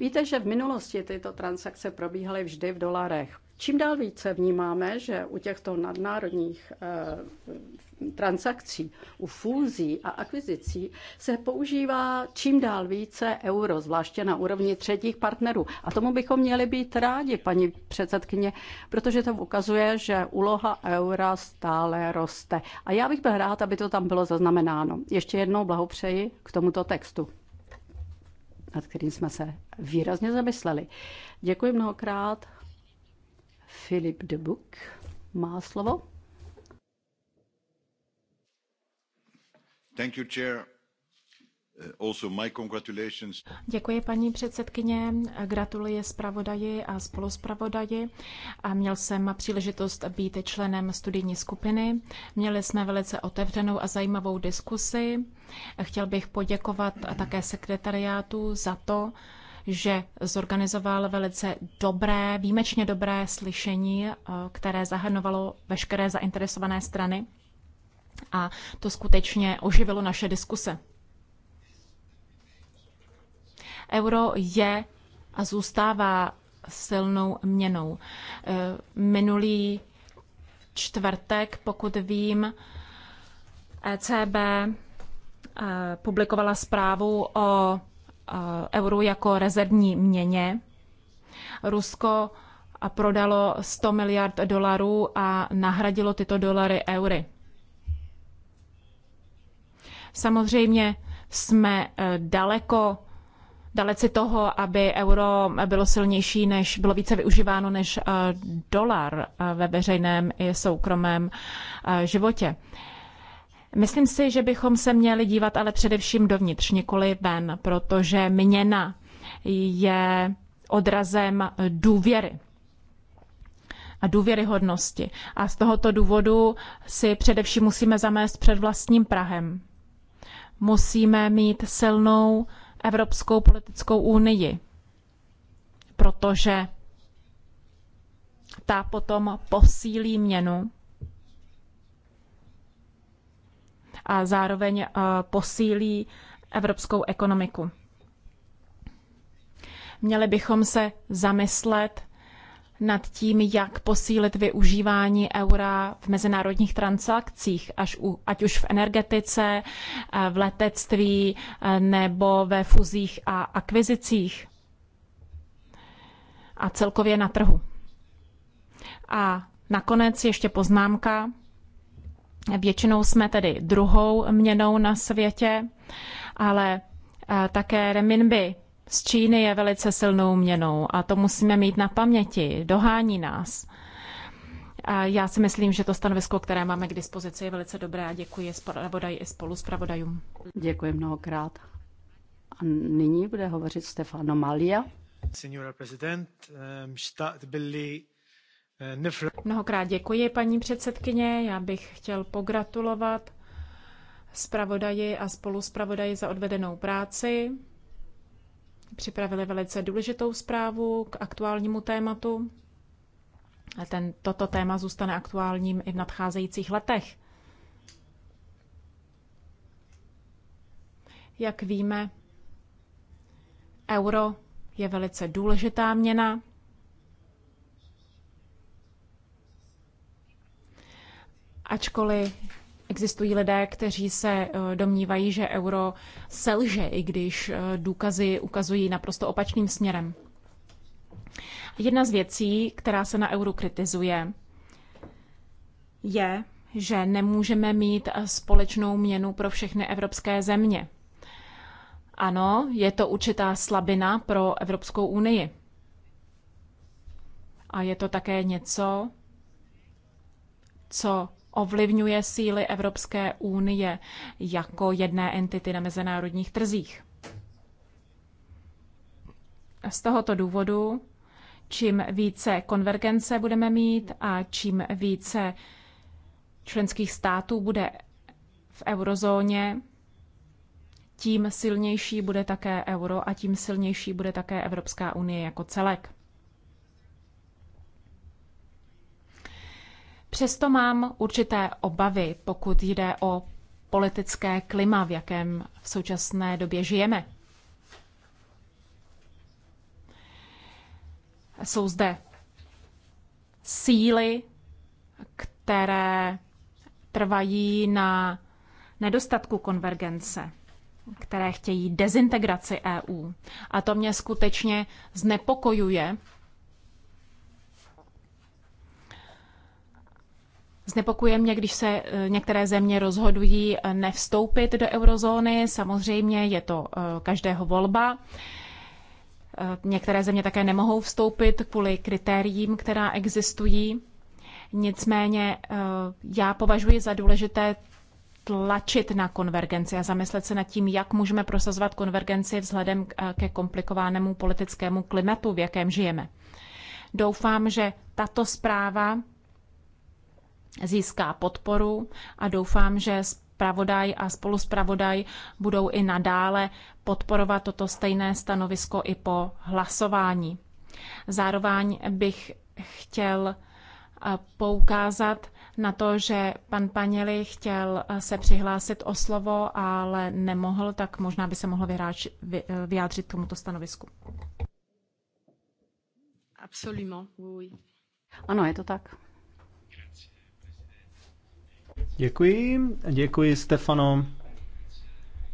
Víte, že v minulosti tyto transakce probíhaly vždy v dolarech. Čím dál více vnímáme, že u těchto nadnárodních eh, transakcí, u fúzí a akvizicí se používá čím dál více euro, zvláště na úrovni třetích partnerů. A tomu bychom měli být rádi, paní předsedkyně, protože to ukazuje, že úloha eura stále roste. A já bych byl rád, aby to tam bylo zaznamenáno. Ještě jednou blahopřeji k tomuto textu nad kterým jsme se výrazně zamysleli. Děkuji mnohokrát Filip de Buk
má slovo.
Thank you, chair. Uh, also my congratulations.
Děkuji paní předsedkyně, gratuluji zpravodaji a spoluzpravodaji. A měl jsem příležitost být členem studijní skupiny. Měli jsme velice otevřenou a zajímavou diskusi. Chtěl bych poděkovat také sekretariátu za to, že zorganizoval velice dobré, výjimečně dobré slyšení, eh, které zahrnovalo veškeré zainteresované strany a to skutečně oživilo naše diskuse. Euro je a zůstává silnou měnou. Eh, minulý čtvrtek, pokud vím, ECB eh, publikovala zprávu o euru jako rezervní měně. Rusko prodalo 100 miliard dolarů a nahradilo tyto dolary eury. Samozřejmě jsme e, daleko daleci toho, aby euro bylo silnější, než bylo více využíváno než e, dolar e, ve veřejném i soukromém životě. Myslím si, že bychom se měli dívat ale především dovnitř, nikoli ven, protože měna je odrazem důvěry a důvěryhodnosti. A z tohoto důvodu si především musíme zamést před vlastním Prahem. Musíme mít silnou Evropskou politickou unii, protože ta potom posílí měnu a zároveň eh, posílí evropskou ekonomiku. Měli bychom se zamyslet nad tím, jak posílit využívání eura v mezinárodních transakcích, až u, ať už v energetice, eh, v letectví eh, nebo ve fuzích a akvizicích a celkově na trhu. A nakonec ještě poznámka, Většinou jsme tedy druhou měnou na světě, ale eh, také renminbi z Číny je velice silnou měnou a to musíme mít na paměti, dohání nás. A já si myslím, že to stanovisko, které máme k dispozici, je velice dobré a děkuji zpravodaj i spolu spravodajům. Děkuji mnohokrát.
A nyní bude hovořit Stefano Malia.
Signora President, štát ehm, byli Mnohokrát
děkuji, paní předsedkyně. Já bych chtěl pogratulovat zpravodaji a spolu zpravodaji za odvedenou práci. Připravili velice důležitou zprávu k aktuálnímu tématu. Ten, toto téma zůstane aktuálním i v nadcházejících letech. Jak víme, euro je velice důležitá měna. Ačkoliv existují lidé, kteří se eh, domnívají, že euro selže, i když eh, důkazy ukazují naprosto opačným směrem. Jedna z věcí, která se na euro kritizuje, je, že nemůžeme mít eh, společnou měnu pro všechny evropské země. Ano, je to určitá slabina pro Evropskou unii. A je to také něco, co ovlivňuje síly Evropské unie jako jedné entity na mezinárodních trzích. Z tohoto důvodu, čím více konvergence budeme mít a čím více členských států bude v eurozóně, tím silnější bude také euro a tím silnější bude také Evropská unie jako celek. Přesto mám určité obavy, pokud jde o politické klima, v jakém v současné době žijeme. Jsou zde síly, které trvají na nedostatku konvergence, které chtějí dezintegraci EU. A to mě skutečně znepokojuje, Znepokuje mě, když se eh, některé země rozhodují eh, nevstoupit do eurozóny. Samozřejmě je to eh, každého volba. Některé země také nemohou vstoupit kvůli kritériím, která existují. Nicméně já považuji za důležité tlačit na konvergenci a zamyslet se nad tím, jak můžeme prosazovat konvergenci vzhledem ke komplikovanému politickému klimatu, v jakém žijeme. Doufám, že tato zpráva získá podporu a doufám, že zpravodaj a spoluspravodaj budou i nadále podporovat toto stejné stanovisko i po hlasování. Zároveň bych chtěl eh, poukázat na to, že pan Paněli chtěl eh, se přihlásit o slovo, ale nemohl, tak možná by se mohl eh, vyjádřit k tomuto stanovisku.
Absolutně, oui.
Ano, je to tak. Děkuji, děkuji Stefano.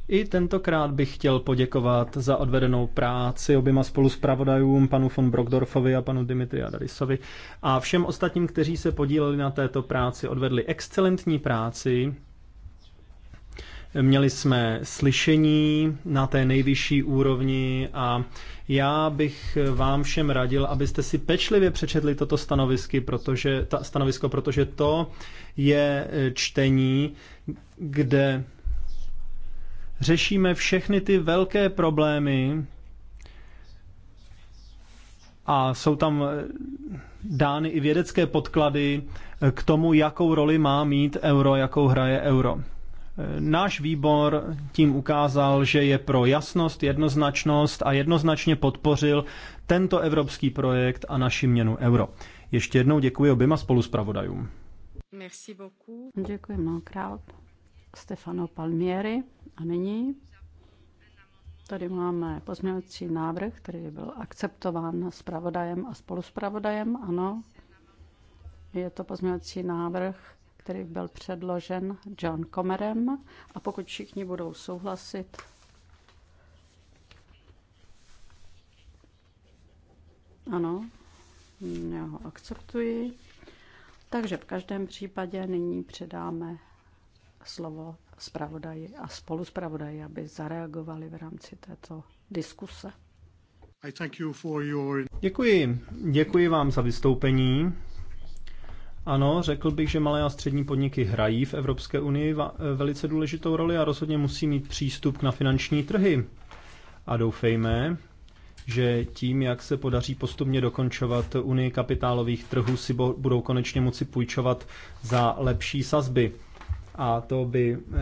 I tentokrát bych chtěl poděkovat za odvedenou práci oběma spolu pravodajům, panu von Brockdorfovi a panu Dimitri Adarisovi a všem ostatním, kteří se podíleli na této práci, odvedli excelentní práci, Měli jsme slyšení na té nejvyšší úrovni a já bych vám všem radil, abyste si pečlivě přečetli toto stanovisky, protože, ta stanovisko, protože to je eh, čtení, kde řešíme všechny ty velké problémy a jsou tam eh, dány i vědecké podklady eh, k tomu, jakou roli má mít euro, jakou hraje euro. Náš výbor tím ukázal, že je pro jasnost, jednoznačnost a jednoznačně podpořil tento evropský projekt a naši měnu euro. Ještě jednou děkuji oběma spoluspravodajům.
Merci
Děkuji mnohokrát Stefano Palmieri. A nyní tady máme pozměňovací návrh, který byl akceptován zpravodajem a spoluspravodajem. Ano, je to pozměňovací návrh který byl předložen John Comerem a pokud všichni budou souhlasit, ano, já ho akceptuji. Takže v každém případě nyní předáme slovo zpravodaji a spolu spoluzpravodaji, aby zareagovali v rámci této diskuse.
Děkuji. Děkuji vám za vystoupení. Ano, řekl bych, že malé a střední podniky hrají v Evropské unii velice důležitou roli a rozhodně musí mít přístup na finanční trhy. A doufejme, že tím, jak se podaří postupně dokončovat Unii kapitálových trhů, si budou konečně moci půjčovat za lepší sazby. A to by eh,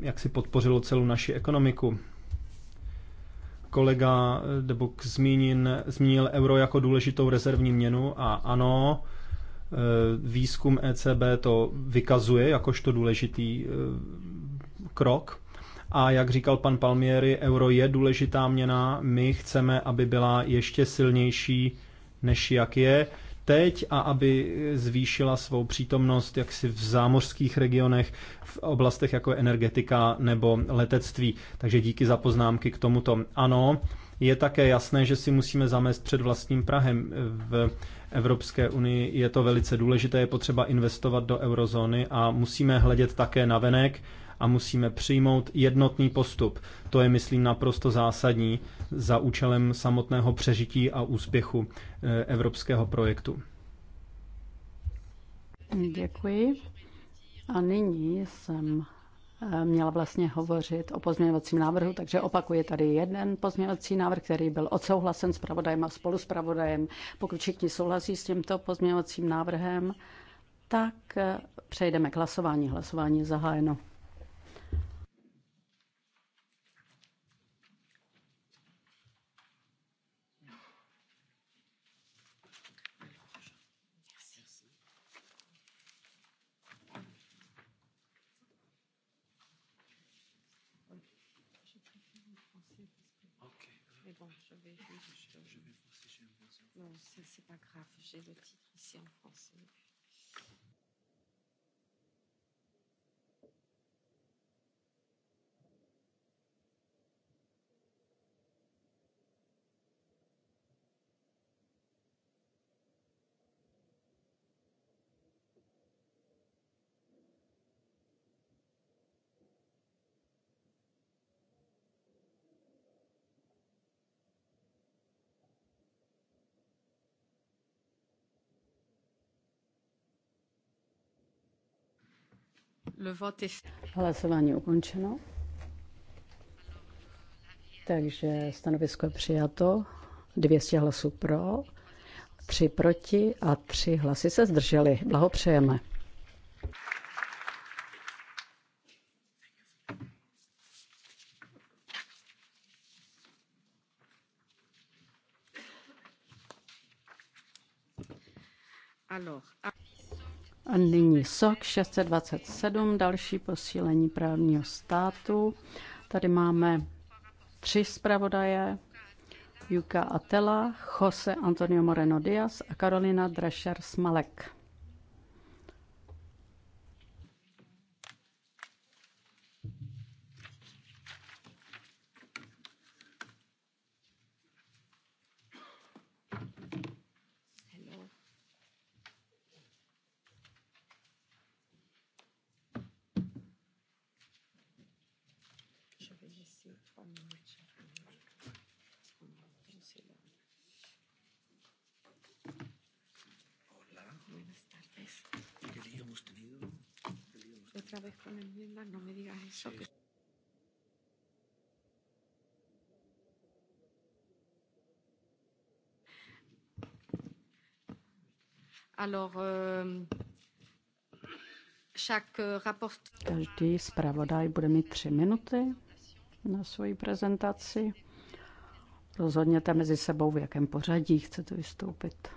jak si podpořilo celou naši ekonomiku. Kolega eh, Debok zmínil, zmínil euro jako důležitou rezervní měnu a ano, Eh, výzkum ECB to vykazuje jakožto důležitý eh, krok. A jak říkal pan Palmieri, euro je důležitá měna. My chceme, aby byla ještě silnější, než jak je teď a aby zvýšila svou přítomnost jaksi v zámořských regionech, v oblastech jako energetika nebo letectví. Takže díky za poznámky k tomuto. Ano, je také jasné, že si musíme zamést před vlastním Prahem. V Evropské unii je to velice důležité, je potřeba investovat do eurozóny a musíme hledět také na venek a musíme přijmout jednotný postup. To je, myslím, naprosto zásadní za účelem samotného přežití a úspěchu eh, evropského projektu.
Děkuji. A nyní jsem Eh, měla vlastně hovořit o pozměňovacím návrhu, takže opakuje tady jeden pozměňovací návrh, který byl odsouhlasen s pravodajem a spolu s pravodajem. Pokud všichni souhlasí s tímto pozměňovacím návrhem, tak eh, přejdeme k hlasování. Hlasování je zahájeno.
c'est pas grave, j'ai le titre ici en français.
Hlasování ukončeno. Takže stanovisko je přijato. 200 hlasů pro, 3 proti a 3 hlasy se zdrželi. Blahopřejeme. Alors, a nyní SOK 627, další posílení právního státu. Tady máme tři zpravodaje, Juka Atela, Jose Antonio Moreno Díaz a Karolina Drescher Smalek.
Euh, euh,
Každý zpravodaj bude mít tři minuty na svoji prezentaci. Rozhodněte mezi sebou, v jakém pořadí chcete vystoupit.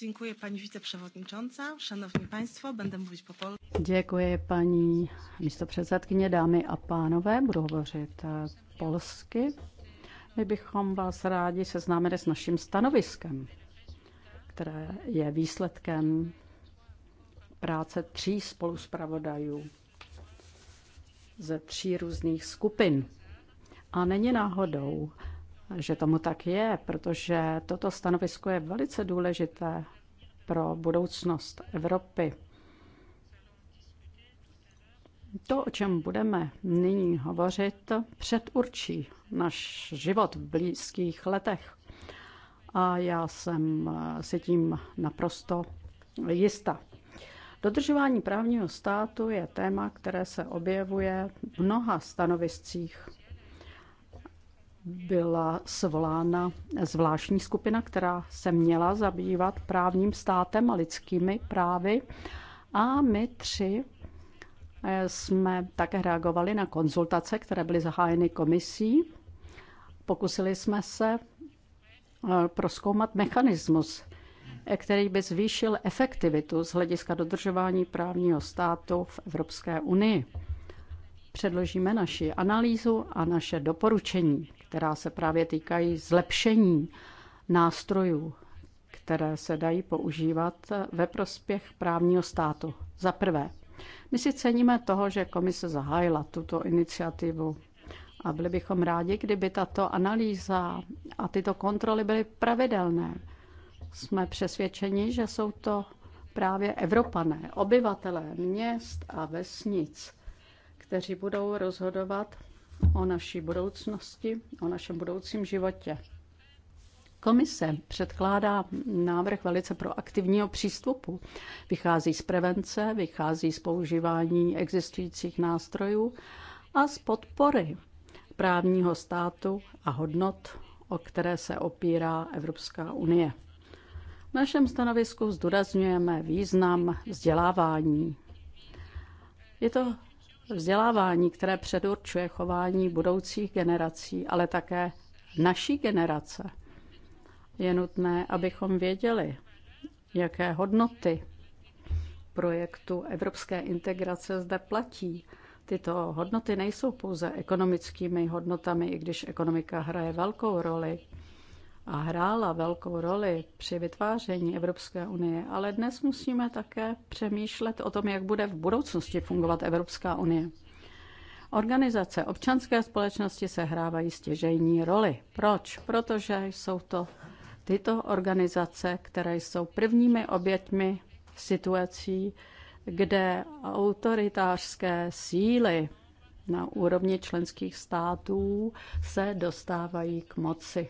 Děkuji, paní wiceprzewodnicząca, szanowni państwo, będę mówić po polsku.
Děkuji paní místopředsedkyně, dámy a pánové, budu hovořit eh, polsky. My bychom vás rádi seznámili s naším stanoviskem, které je výsledkem práce tří spoluspravodajů ze tří různých skupin. A není náhodou, že tomu tak je, protože toto stanovisko je velice důležité pro budoucnost Evropy. To, o čem budeme nyní hovořit, předurčí náš život v blízkých letech. A já jsem eh, si tím naprosto jista. Dodržování právního státu je téma, které se objevuje v mnoha stanoviscích. Byla svolána zvláštní skupina, která se měla zabývat právním státem a lidskými právy. A my tři Eh, jsme také reagovali na konzultace, které byly zahájeny komisí. Pokusili jsme se eh, proskoumat mechanismus, eh, který by zvýšil efektivitu z hlediska dodržování právního státu v Evropské unii. Předložíme naši analýzu a naše doporučení, která se právě týkají zlepšení nástrojů, které se dají používat ve prospěch právního státu. Za prvé, my si ceníme toho, že komise zahájila tuto iniciativu a byli bychom rádi, kdyby tato analýza a tyto kontroly byly pravidelné. Jsme přesvědčeni, že jsou to právě Evropané, obyvatelé měst a vesnic, kteří budou rozhodovat o naší budoucnosti, o našem budoucím životě. Komise předkládá návrh velice proaktivního přístupu. Vychází z prevence, vychází z používání existujících nástrojů a z podpory právního státu a hodnot, o které se opírá Evropská unie. V našem stanovisku zdůrazňujeme význam vzdělávání. Je to vzdělávání, které předurčuje chování budoucích generací, ale také naší generace – je nutné, abychom věděli, jaké hodnoty projektu evropské integrace zde platí. Tyto hodnoty nejsou pouze ekonomickými hodnotami, i když ekonomika hraje velkou roli a hrála velkou roli při vytváření Evropské unie, ale dnes musíme také přemýšlet o tom, jak bude v budoucnosti fungovat Evropská unie. Organizace občanské společnosti se hrávají stěžejní roli. Proč? Protože jsou to tyto organizace, které jsou prvními oběťmi situací, kde autoritářské síly na úrovni členských států se dostávají k moci.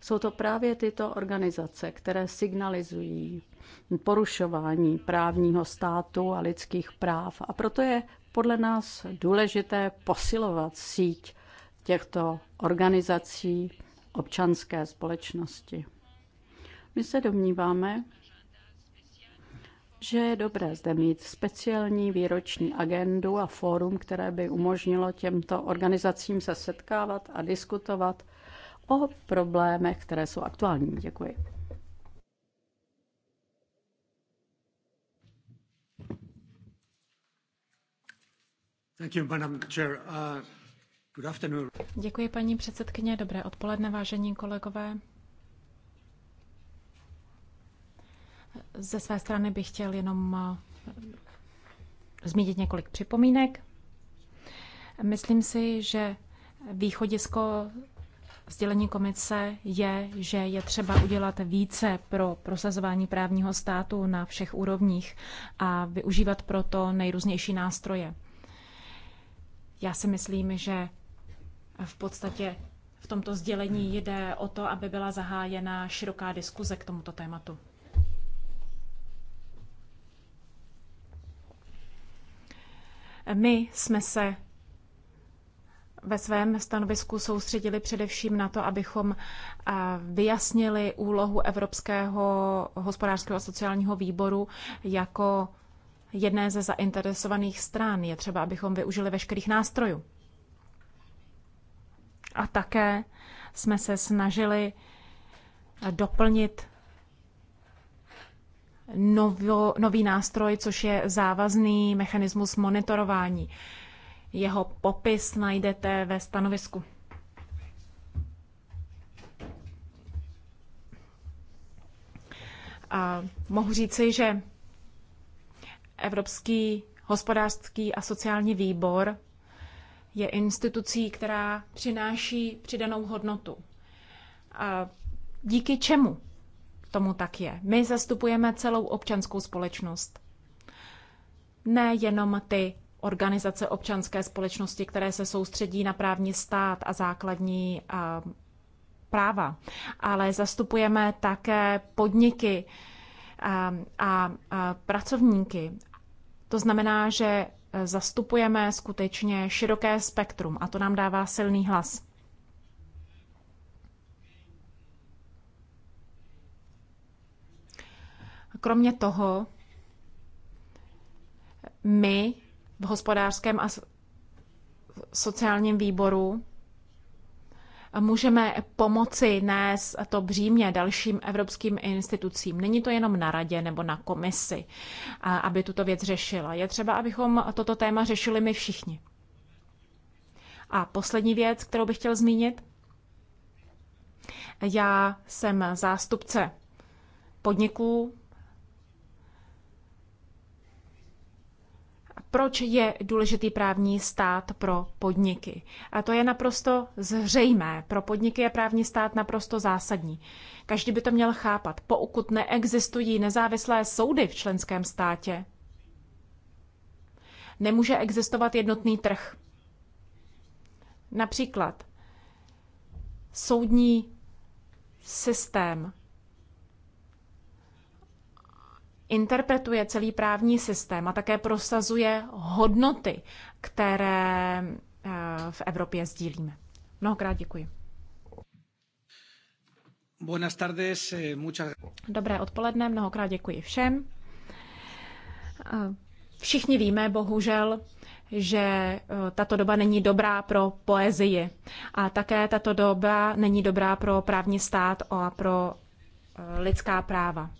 Jsou to právě tyto organizace, které signalizují porušování právního státu a lidských práv. A proto je podle nás důležité posilovat síť těchto organizací občanské společnosti. My se domníváme, že je dobré zde mít speciální výroční agendu a fórum, které by umožnilo těmto organizacím se setkávat a diskutovat o problémech, které jsou aktuální. Děkuji.
Thank you, Madam Chair. Uh...
Děkuji, paní předsedkyně. Dobré odpoledne, vážení kolegové. Ze své strany bych chtěl jenom eh, zmínit několik připomínek. Myslím si, že východisko sdělení komice je, že je třeba udělat více pro prosazování právního státu na všech úrovních a využívat proto nejrůznější nástroje. Já si myslím, že v podstatě v tomto sdělení jde o to, aby byla zahájena široká diskuze k tomuto tématu. My jsme se ve svém stanovisku soustředili především na to, abychom eh, vyjasnili úlohu Evropského hospodářského a sociálního výboru jako jedné ze zainteresovaných stran. Je třeba, abychom využili veškerých nástrojů. A také jsme se snažili doplnit novo, nový nástroj, což je závazný mechanismus monitorování. Jeho popis najdete ve stanovisku. A mohu říci, že Evropský hospodářský a sociální výbor je institucí, která přináší přidanou hodnotu. A díky čemu tomu tak je? My zastupujeme celou občanskou společnost. Ne jenom ty organizace občanské společnosti, které se soustředí na právní stát a základní a, práva, ale zastupujeme také podniky a, a, a pracovníky. To znamená, že zastupujeme skutečně široké spektrum a to nám dává silný hlas. Kromě toho, my v hospodářském a sociálním výboru můžeme pomoci nést to břímě dalším evropským institucím. Není to jenom na radě nebo na komisi, aby tuto věc řešila. Je třeba, abychom toto téma řešili my všichni. A poslední věc, kterou bych chtěl zmínit. Já jsem zástupce podniků, proč je důležitý právní stát pro podniky. A to je naprosto zřejmé. Pro podniky je právní stát naprosto zásadní. Každý by to měl chápat. Pokud neexistují nezávislé soudy v členském státě, nemůže existovat jednotný trh. Například soudní systém interpretuje celý právní systém a také prosazuje hodnoty, které eh, v Evropě sdílíme. Mnohokrát děkuji.
Buenas tardes, eh, muchas... Dobré
odpoledne, mnohokrát děkuji všem. Eh, všichni víme, bohužel, že tato doba není dobrá pro poezii a také tato doba není dobrá pro právní stát a pro lidská práva.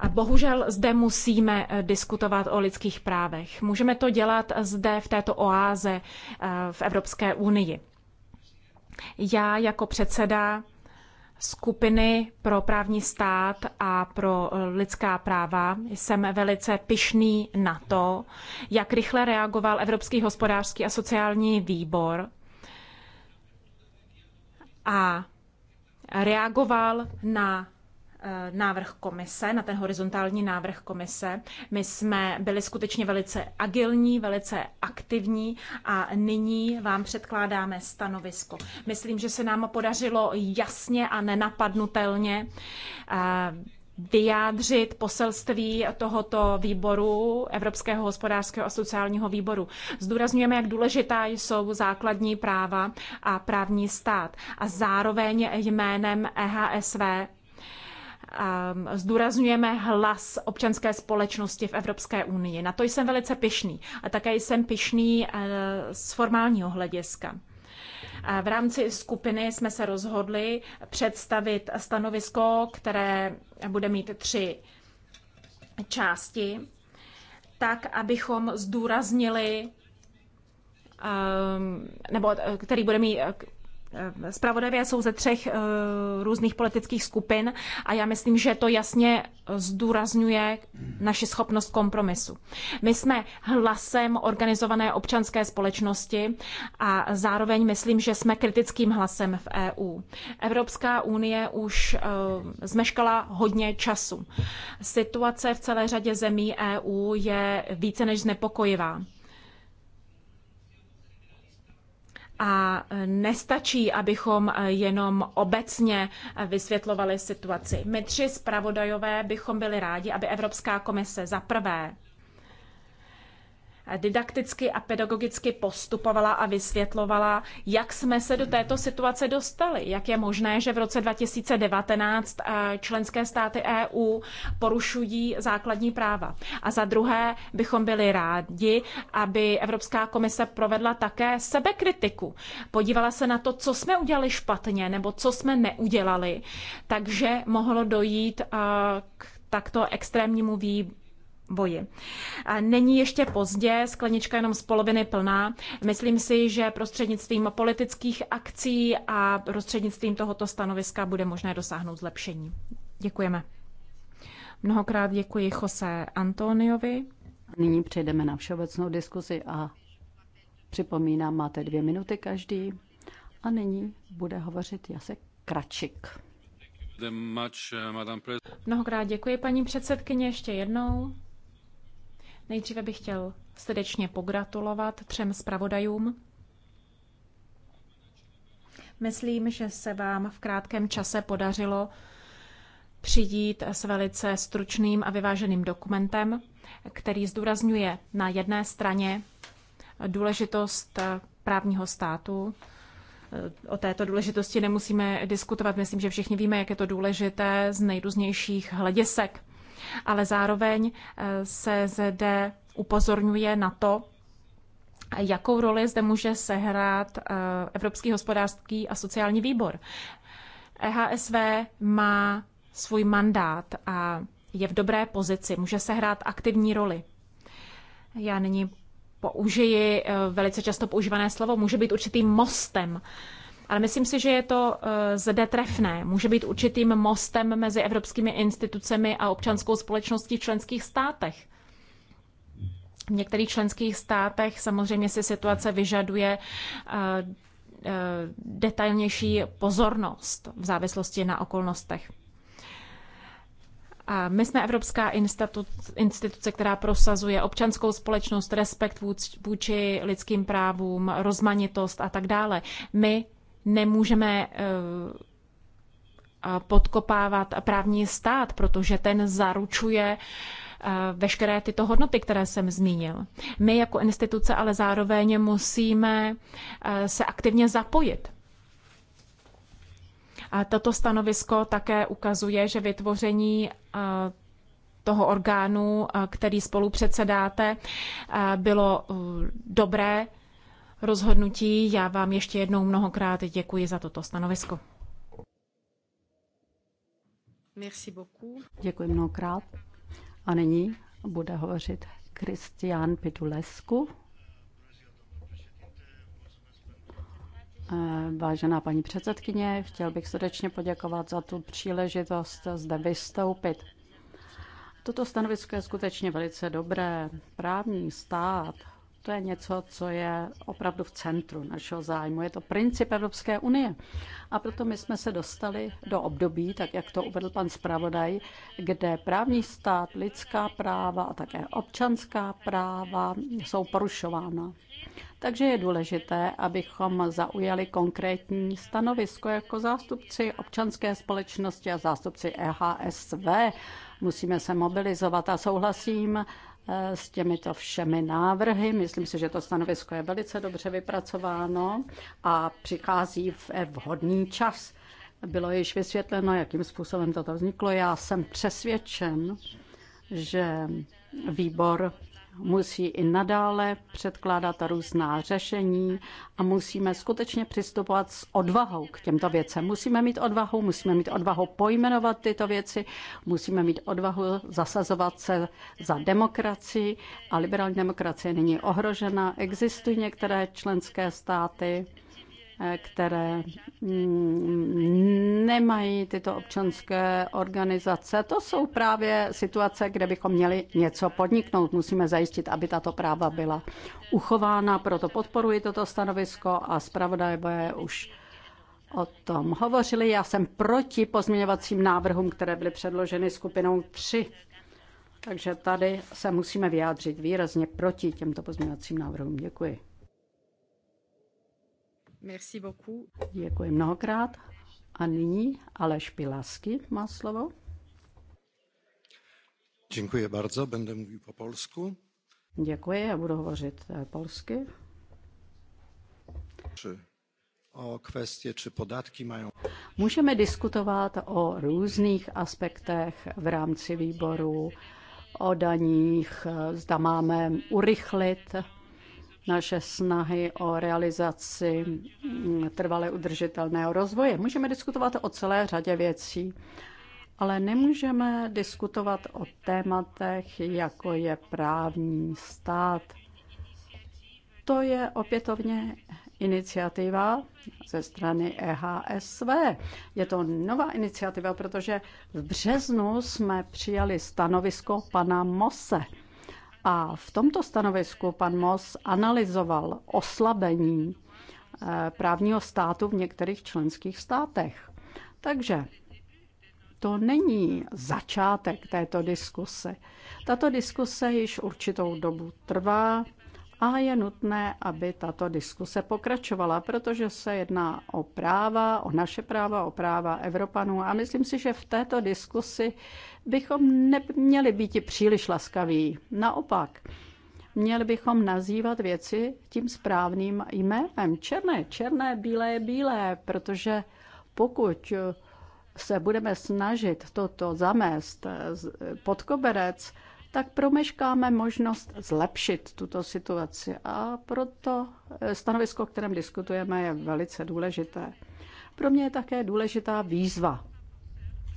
A bohužel zde musíme eh, diskutovat o lidských právech. Můžeme to dělat zde v této oáze eh, v Evropské unii. Já jako předseda skupiny pro právní stát a pro eh, lidská práva. Jsem velice pyšný na to, jak rychle reagoval Evropský hospodářský a sociální výbor a reagoval na Eh, návrh komise, na ten horizontální návrh komise. My jsme byli skutečně velice agilní, velice aktivní a nyní vám předkládáme stanovisko. Myslím, že se nám podařilo jasně a nenapadnutelně eh, vyjádřit poselství tohoto výboru, Evropského hospodářského a sociálního výboru. Zdůrazňujeme, jak důležitá jsou základní práva a právní stát. A zároveň jménem EHSV Ehm, zdůrazňujeme hlas občanské společnosti v Evropské unii. Na to jsem velice pyšný. A také jsem pyšný eh, z formálního hlediska. Eh, v rámci skupiny jsme se rozhodli představit stanovisko, které bude mít tři části, tak abychom zdůraznili, ehm, nebo eh, který bude mít Spravodajové eh, jsou ze třech eh, různých politických skupin a já myslím, že to jasně eh, zdůrazňuje naši schopnost kompromisu. My jsme hlasem organizované občanské společnosti a zároveň myslím, že jsme kritickým hlasem v EU. Evropská unie už zmeškala hodně času. Situace v celé řadě zemí EU je více než znepokojivá. A nestačí, abychom jenom obecně vysvětlovali situaci. My tři zpravodajové bychom byli rádi, aby Evropská komise za prvé didakticky a pedagogicky postupovala a vysvětlovala, jak jsme se do této situace dostali. Jak je možné, že v roce 2019 eh, členské státy EU porušují základní práva. A za druhé bychom byli rádi, aby Evropská komise provedla také sebekritiku. Podívala se na to, co jsme udělali špatně nebo co jsme neudělali. Takže mohlo dojít eh, k takto extrémnímu výběru boji. Není ještě pozdě, sklenička jenom z poloviny plná. Myslím si, že prostřednictvím politických akcí a prostřednictvím tohoto stanoviska bude možné dosáhnout zlepšení. Děkujeme. Mnohokrát děkuji Jose Antoniovi. Nyní přejdeme na všeobecnou
diskuzi a připomínám, máte dvě minuty každý. A nyní
bude hovořit Jasek Kračik.
Uh,
Mnohokrát děkuji, paní předsedkyně, ještě jednou. Nejdříve bych chtěl srdečně pogratulovat třem zpravodajům. Myslím, že se vám v krátkém čase podařilo přijít s velice stručným a vyváženým dokumentem, který zdůrazňuje na jedné straně důležitost právního státu. O této důležitosti nemusíme diskutovat. Myslím, že všichni víme, jak je to důležité z nejrůznějších hledisek ale zároveň eh, se zde upozorňuje na to, jakou roli zde může sehrát eh, Evropský hospodářský a sociální výbor. EHSV má svůj mandát a je v dobré pozici, může sehrát aktivní roli. Já nyní použiji eh, velice často používané slovo, může být určitým mostem ale myslím si, že je to eh, zde trefné. Může být určitým mostem mezi evropskými institucemi a občanskou společností v členských státech. V některých členských státech samozřejmě si situace vyžaduje eh, eh, detailnější pozornost v závislosti na okolnostech. A my jsme Evropská instituce, která prosazuje občanskou společnost, respekt vůči lidským právům, rozmanitost a tak dále. My nemůžeme eh, eh, podkopávat právní stát, protože ten zaručuje eh, veškeré tyto hodnoty, které jsem zmínil. My jako instituce ale zároveň musíme se aktivně zapojit. A toto stanovisko také ukazuje, že vytvoření toho orgánu, který spolu předsedáte, bylo dobré rozhodnutí. Já vám ještě jednou mnohokrát děkuji za toto stanovisko.
Merci Děkuji
mnohokrát. A nyní bude hovořit Kristián Pitulesku. Eh, vážená paní předsedkyně, chtěl bych srdečně poděkovat za tu příležitost zde vystoupit. Toto stanovisko je skutečně velice dobré. Právní stát to je něco, co je opravdu v centru našeho zájmu. Je to princip Evropské unie. A proto my jsme se dostali do období, tak jak to uvedl pan zpravodaj, kde právní stát, lidská práva a také občanská práva jsou porušována. Takže je důležité, abychom zaujali konkrétní stanovisko jako zástupci občanské společnosti a zástupci EHSV. Musíme se mobilizovat a souhlasím E, s těmito všemi návrhy. Myslím si, že to stanovisko je velice dobře vypracováno a přichází v e, vhodný čas. Bylo již vysvětleno, jakým způsobem toto vzniklo. Já jsem přesvědčen, že výbor musí i nadále předkládat různá řešení a musíme skutečně přistupovat s odvahou k těmto věcem. Musíme mít odvahu, musíme mít odvahu pojmenovat tyto věci, musíme mít odvahu zasazovat se za demokracii a liberální demokracie není ohrožena. Existují některé členské státy, které mm, nemají tyto občanské organizace. To jsou právě situace, kde bychom měli něco podniknout. Musíme zajistit, aby tato práva byla uchována, proto podporuji toto stanovisko a zpravodajové už o tom hovořili. Já jsem proti pozměňovacím návrhům, které byly předloženy skupinou 3. Takže tady se musíme vyjádřit výrazně proti těmto pozměňovacím návrhům. Děkuji.
Merci beaucoup.
Děkuji mnohokrát. A nyní Aleš Pilasky má slovo.
Děkuji bardzo, będę mówił po polsku.
Děkuji, já budu hovořit eh, polsky.
Czy o kwestie, czy podatki mają.
Můžeme diskutovat o různých aspektech v rámci výboru, o daních, eh, zda máme urychlit naše snahy o realizaci mm, trvale udržitelného rozvoje. Můžeme diskutovat o celé řadě věcí, ale nemůžeme diskutovat o tématech, jako je právní stát. To je opětovně iniciativa ze strany EHSV. Je to nová iniciativa, protože v březnu jsme přijali stanovisko pana Mose a v tomto stanovisku pan Moss analyzoval oslabení eh, právního státu v některých členských státech. Takže to není začátek této diskuse. Tato diskuse již určitou dobu trvá a je nutné, aby tato diskuse pokračovala, protože se jedná o práva, o naše práva, o práva Evropanů. A myslím si, že v této diskusi bychom neměli být příliš laskaví. Naopak, měli bychom nazývat věci tím správným jménem. Černé, černé, bílé, bílé, protože pokud se budeme snažit toto zamést pod koberec, tak promeškáme možnost zlepšit tuto situaci. A proto eh, stanovisko, o kterém diskutujeme, je velice důležité. Pro mě je také důležitá výzva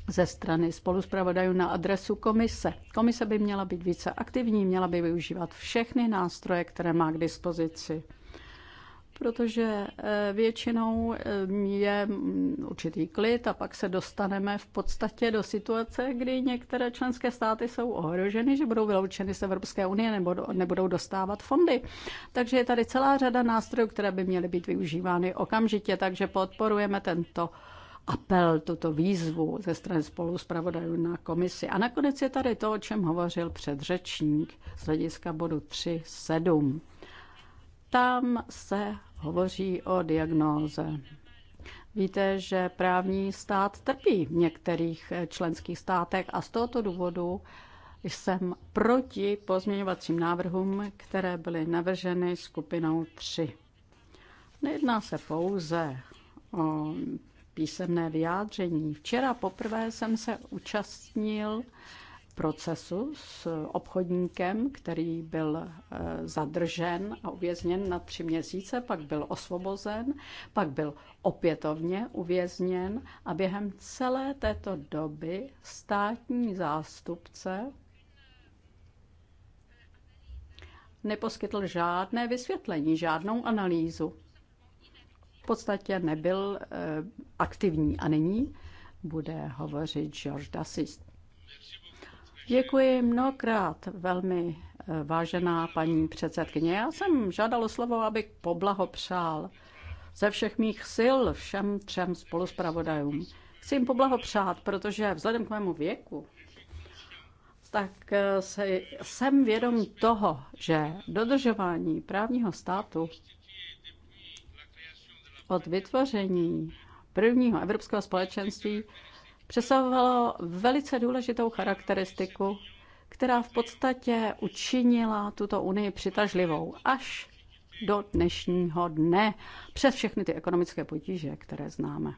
ze strany spoluzpravodajů na adresu komise. Komise by měla být více aktivní, měla by využívat všechny nástroje, které má k dispozici protože eh, většinou eh, je mm, určitý klid a pak se dostaneme v podstatě do situace, kdy některé členské státy jsou ohroženy, že budou vyloučeny z Evropské unie nebo nebudou dostávat fondy. Takže je tady celá řada nástrojů, které by měly být využívány okamžitě, takže podporujeme tento apel, tuto výzvu ze strany spolu zpravodajů na komisi. A nakonec je tady to, o čem hovořil předřečník z hlediska bodu 3.7. Tam se hovoří o diagnóze. Víte, že právní stát trpí v některých členských státech a z tohoto důvodu jsem proti pozměňovacím návrhům, které byly navrženy skupinou 3. Nejedná se pouze o písemné vyjádření. Včera poprvé jsem se účastnil procesu s obchodníkem, který byl e, zadržen a uvězněn na tři měsíce, pak byl osvobozen, pak byl opětovně uvězněn a během celé této doby státní zástupce neposkytl žádné vysvětlení, žádnou analýzu v podstatě nebyl eh, aktivní a nyní bude hovořit George Dassist. Děkuji mnohokrát, velmi eh, vážená paní předsedkyně. Já jsem žádal o slovo, abych poblahopřál ze všech mých sil všem třem spoluspravodajům. Chci jim poblahopřát, protože vzhledem k mému věku, tak eh, se, jsem vědom toho, že dodržování právního státu od vytvoření prvního evropského společenství přesahovalo velice důležitou charakteristiku, která v podstatě učinila tuto unii přitažlivou až do dnešního dne přes všechny ty ekonomické potíže, které známe.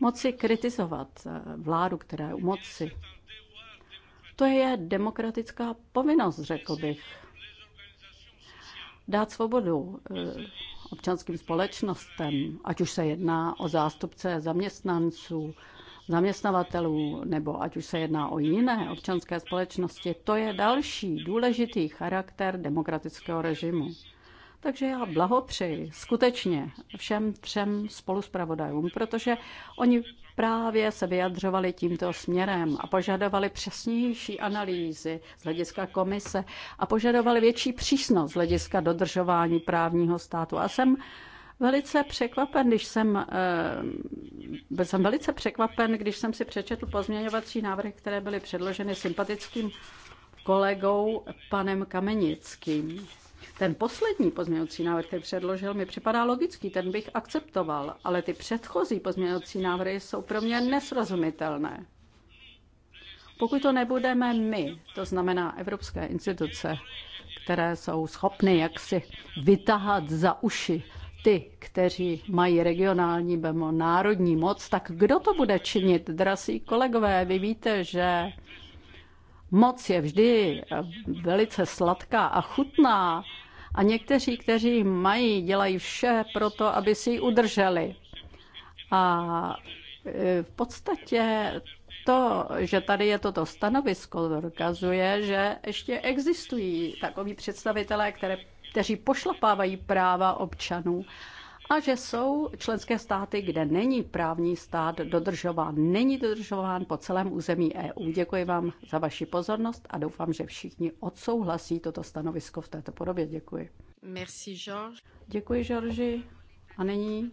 Moci kritizovat eh, vládu, která je u moci, to je demokratická povinnost, řekl bych. Dát svobodu eh, občanským společnostem, ať už se jedná o zástupce zaměstnanců, zaměstnavatelů, nebo ať už se jedná o jiné občanské společnosti, to je další důležitý charakter demokratického režimu. Takže já blahopřeji skutečně všem třem spoluspravodajům, protože oni právě se vyjadřovali tímto směrem a požadovali přesnější analýzy z hlediska komise a požadovali větší přísnost z hlediska dodržování právního státu. A jsem velice překvapen, když jsem, eh, jsem velice překvapen, když jsem si přečetl pozměňovací návrhy, které byly předloženy sympatickým kolegou panem Kamenickým. Ten poslední pozměňovací návrh, který předložil, mi připadá logický, ten bych akceptoval, ale ty předchozí pozměňovací návrhy jsou pro mě nesrozumitelné. Pokud to nebudeme my, to znamená evropské instituce, které jsou schopny jaksi vytahat za uši ty, kteří mají regionální nebo národní moc, tak kdo to bude činit, drasí kolegové? Vy víte, že moc je vždy velice sladká a chutná, a někteří, kteří mají, dělají vše pro to, aby si ji udrželi. A e, v podstatě to, že tady je toto stanovisko, dokazuje, že ještě existují takoví představitelé, které, kteří pošlapávají práva občanů a že jsou členské státy, kde není právní stát dodržován, není dodržován po celém území EU. Děkuji vám za vaši pozornost a doufám, že všichni odsouhlasí toto stanovisko v této podobě. Děkuji.
Merci, George.
Děkuji, Georgi. A nyní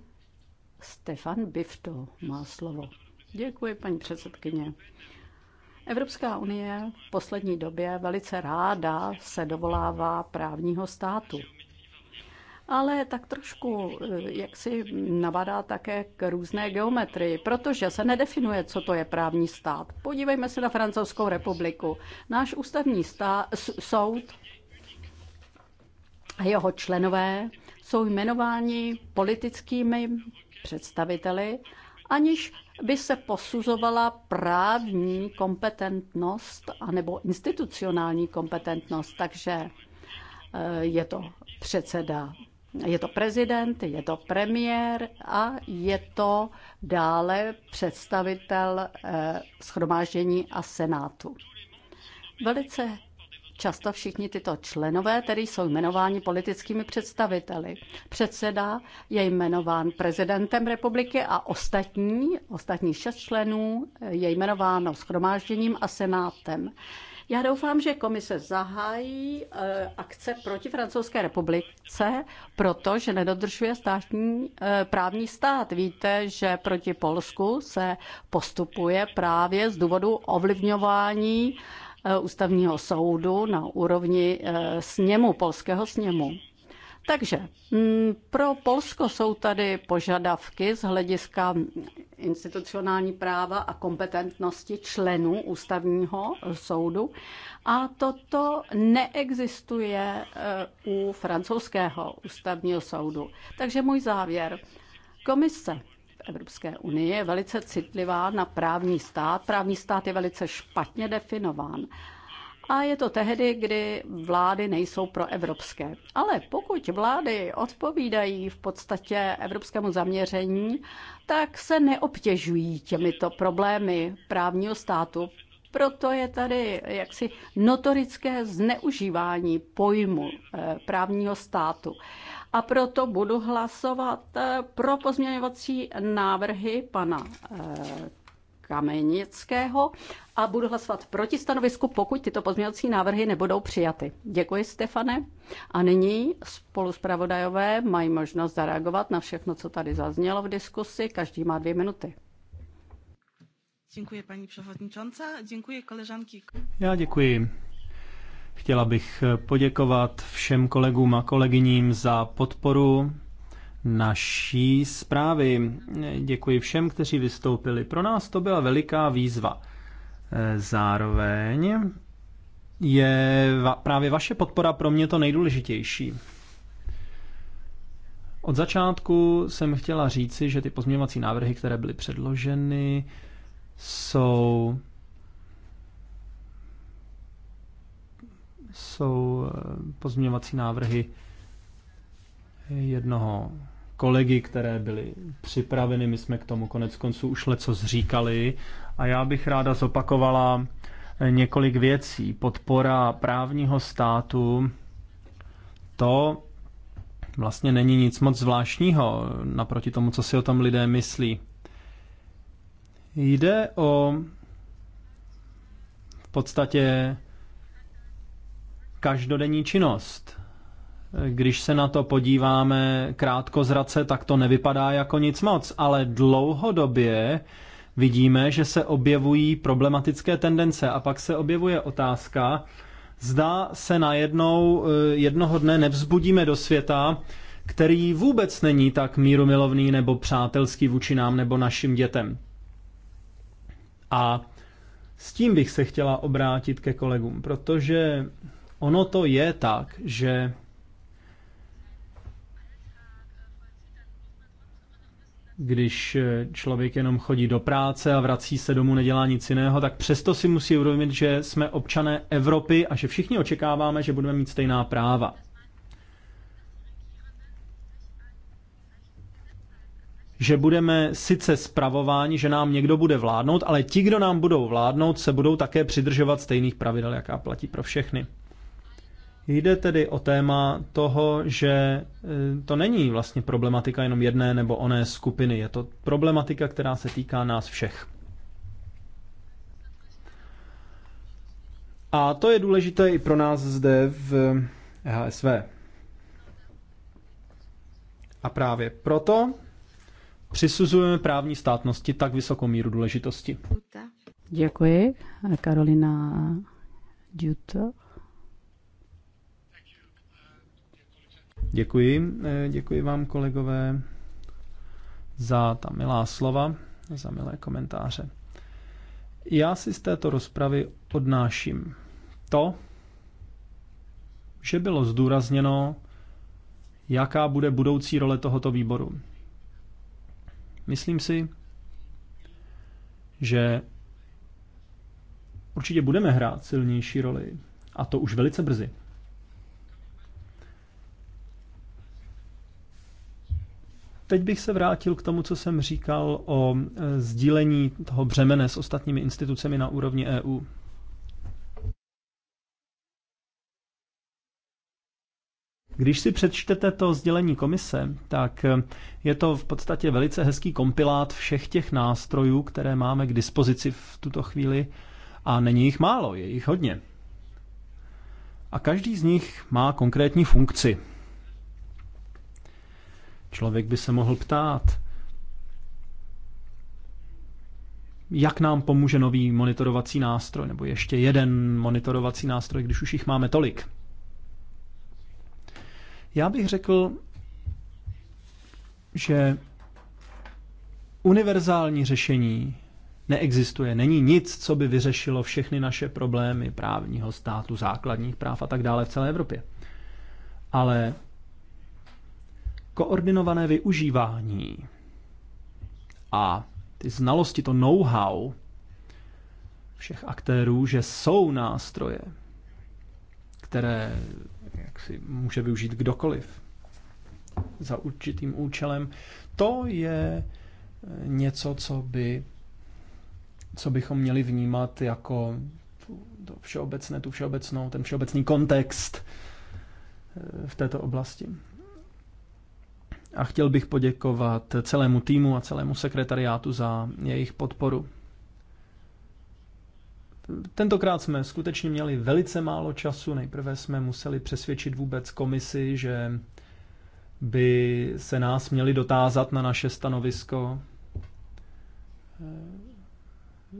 Stefan Bifto má slovo. Děkuji, paní předsedkyně. Evropská unie v poslední době velice ráda se dovolává právního státu ale tak trošku eh, jak si nabadá také k různé geometrii, protože se nedefinuje, co to je právní stát. Podívejme se na Francouzskou republiku. Náš ústavní stát, soud a jeho členové jsou jmenováni politickými představiteli, aniž by se posuzovala právní kompetentnost anebo institucionální kompetentnost. Takže eh, je to předseda je to prezident, je to premiér a je to dále představitel eh, schromáždění a senátu. Velice Často všichni tyto členové tedy jsou jmenováni politickými představiteli. Předseda je jmenován prezidentem republiky a ostatní, ostatní šest členů je jmenováno schromážděním a senátem. Já doufám, že komise zahájí eh, akce proti Francouzské republice, protože nedodržuje státní eh, právní stát. Víte, že proti Polsku se postupuje právě z důvodu ovlivňování eh, ústavního soudu na úrovni sněmu, polského sněmu. Takže mm, pro Polsko jsou tady požadavky z hlediska institucionální práva a kompetentnosti členů ústavního soudu. A toto neexistuje eh, u francouzského ústavního soudu. Takže můj závěr. Komise v Evropské unii je velice citlivá na právní stát. Právní stát je velice špatně definován a je to tehdy, kdy vlády nejsou proevropské. Ale pokud vlády odpovídají v podstatě evropskému zaměření, tak se neobtěžují těmito problémy právního státu. Proto je tady jaksi notorické zneužívání pojmu eh, právního státu. A proto budu hlasovat eh, pro pozměňovací návrhy pana eh, Kamenického a budu hlasovat proti stanovisku, pokud tyto pozměňovací návrhy nebudou přijaty. Děkuji, Stefane. A nyní spolu pravodajové mají možnost zareagovat na všechno, co tady zaznělo v diskusi. Každý má dvě minuty.
Děkuji, paní předsedající.
Děkuji, koleżanki.
Já děkuji. Chtěla bych poděkovat všem kolegům a kolegyním za podporu naší zprávy. Děkuji všem, kteří vystoupili. Pro nás to byla veliká výzva. Zároveň je právě vaše podpora pro mě to nejdůležitější. Od začátku jsem chtěla říci, že ty pozměňovací návrhy, které byly předloženy, jsou jsou eh, pozměňovací návrhy jednoho kolegy, které byly připraveny. My jsme k tomu konec konců už leco zříkali. A já bych ráda zopakovala eh, několik věcí. Podpora právního státu, to vlastně není nic moc zvláštního naproti tomu, co si o tom lidé myslí. Jde o v podstatě každodenní činnost. Když se na to podíváme krátkozrace, tak to nevypadá jako nic moc, ale dlouhodobě vidíme, že se objevují problematické tendence a pak se objevuje otázka, zda se najednou eh, jednoho dne nevzbudíme do světa, který vůbec není tak mírumilovný nebo přátelský vůči nám nebo našim dětem. A s tím bych se chtěla obrátit ke kolegům, protože ono to je tak, že když eh, člověk jenom chodí do práce a vrací se domů, nedělá nic jiného, tak přesto si musí uvědomit, že jsme občané Evropy a že všichni očekáváme, že budeme mít stejná práva. Že budeme sice spravováni, že nám někdo bude vládnout, ale ti, kdo nám budou vládnout, se budou také přidržovat stejných pravidel, jaká platí pro všechny. Jde tedy o téma toho, že eh, to není vlastně problematika jenom jedné nebo oné skupiny. Je to problematika, která se týká nás všech. A to je důležité i pro nás zde v HSV. Eh, A právě proto přisuzujeme právní státnosti tak vysokou míru důležitosti.
Děkuji, Karolina Duto.
Děkuji, eh, děkuji vám kolegové za ta milá slova, za milé komentáře. Já si z této rozpravy odnáším to, že bylo zdůrazněno, jaká bude budoucí role tohoto výboru. Myslím si, že určitě budeme hrát silnější roli, a to už velice brzy. Teď bych se vrátil k tomu, co jsem říkal o e, sdílení toho břemene s ostatními institucemi na úrovni EU. Když si přečtete to sdělení komise, tak e, je to v podstatě velice hezký kompilát všech těch nástrojů, které máme k dispozici v tuto chvíli a není jich málo, je jich hodně. A každý z nich má konkrétní funkci. Člověk by se mohl ptát, jak nám pomůže nový monitorovací nástroj, nebo ještě jeden monitorovací nástroj, když už jich máme tolik. Já bych řekl, že univerzální řešení neexistuje. Není nic, co by vyřešilo všechny naše problémy právního státu, základních práv a tak dále v celé Evropě. Ale koordinované využívání a ty znalosti, to know-how všech aktérů, že jsou nástroje, které jak si může využít kdokoliv za určitým účelem, to je eh, něco, co by co bychom měli vnímat jako to všeobecné, tu všeobecnou, ten všeobecný kontext eh, v této oblasti a chtěl bych poděkovat celému týmu a celému sekretariátu za jejich podporu. Tentokrát jsme skutečně měli velice málo času. Nejprve jsme museli přesvědčit vůbec komisi, že by se nás měli dotázat na naše stanovisko.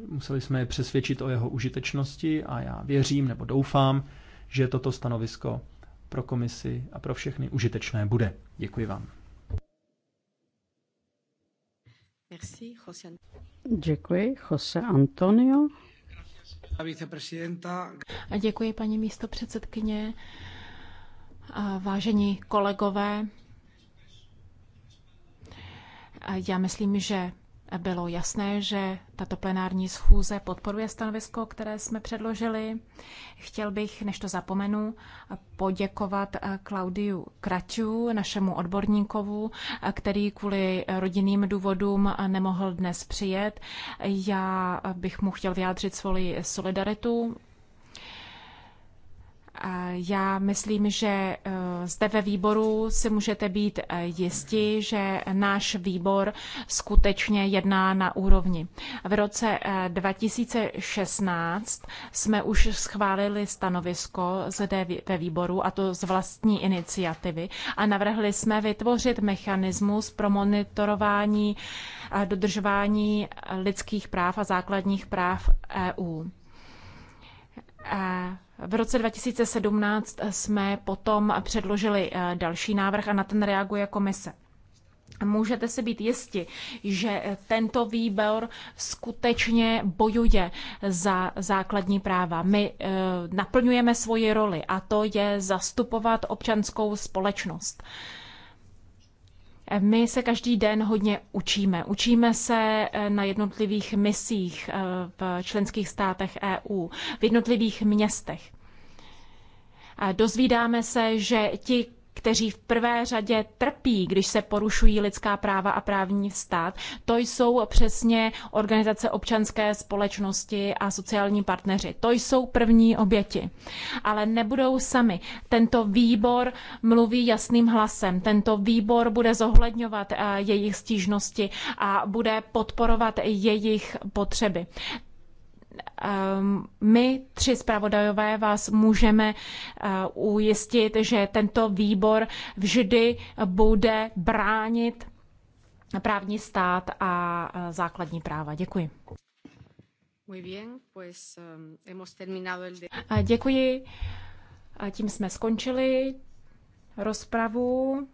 Museli jsme je přesvědčit o jeho užitečnosti a já věřím nebo doufám, že toto stanovisko pro komisi a pro všechny užitečné bude. Děkuji vám.
Děkuji, Jose Antonio.
A děkuji, paní místo předsedkyně. A vážení kolegové, já myslím, že bylo jasné, že tato plenární schůze podporuje stanovisko, které jsme předložili. Chtěl bych, než to zapomenu, poděkovat eh, Klaudiu Kraťu, našemu odborníkovu, eh, který kvůli rodinným důvodům eh, nemohl dnes přijet. Já bych mu chtěl vyjádřit svoji solidaritu já myslím, že eh, zde ve výboru si můžete být eh, jisti, že náš výbor skutečně jedná na úrovni. V roce 2016 eh, jsme už schválili stanovisko zde ve výboru, a to z vlastní iniciativy, a navrhli jsme vytvořit mechanismus pro monitorování dodržování lidských práv a základních práv EU. A e, v roce 2017 jsme potom předložili eh, další návrh a na ten reaguje komise. Můžete si být jisti, že eh, tento výbor skutečně bojuje za základní práva. My e, naplňujeme svoji roli a to je zastupovat občanskou společnost. E, my se každý den hodně učíme. Učíme se eh, na jednotlivých misích eh, v členských státech EU, v jednotlivých městech. Dozvídáme se, že ti, kteří v prvé řadě trpí, když se porušují lidská práva a právní stát, to jsou přesně organizace občanské společnosti a sociální partneři. To jsou první oběti. Ale nebudou sami. Tento výbor mluví jasným hlasem. Tento výbor bude zohledňovat eh, jejich stížnosti a bude podporovat jejich potřeby. Ehm, my tři zpravodajové vás můžeme eh, ujistit, že tento výbor vždy bude bránit právní stát a eh, základní práva. Děkuji. Ehm, děkuji. A tím jsme skončili rozpravu.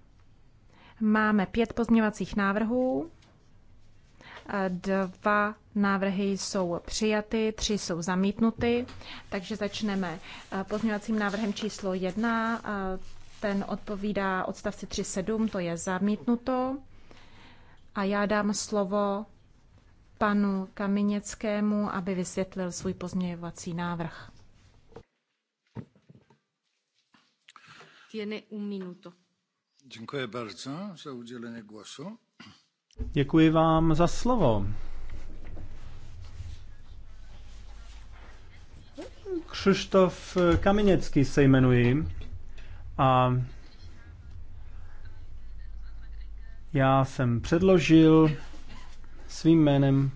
Máme pět pozměňovacích návrhů. Dva návrhy jsou přijaty, tři jsou zamítnuty, takže začneme eh, pozměňovacím návrhem číslo jedna. Eh, ten odpovídá odstavci 3.7, to je zamítnuto. A já dám slovo panu Kaminěckému, aby vysvětlil svůj pozměňovací
návrh.
Tiene un
minuto. Dziękuję bardzo za udělení głosu.
Děkuji vám za slovo. Křištof Kaminěcký se jmenuji a já jsem předložil svým jménem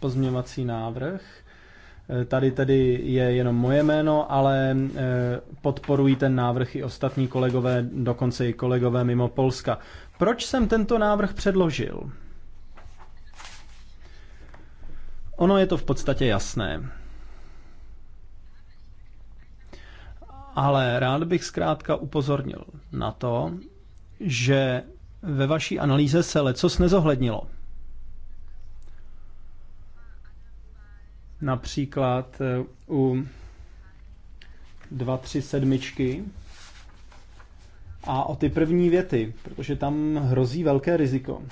pozměvací návrh. Tady tedy je jenom moje jméno, ale e, podporují ten návrh i ostatní kolegové, dokonce i kolegové mimo Polska. Proč jsem tento návrh předložil? Ono je to v podstatě jasné. Ale rád bych zkrátka upozornil na to, že ve vaší analýze se lecos nezohlednilo. Například eh, u 237 a o ty první věty, protože tam hrozí velké riziko.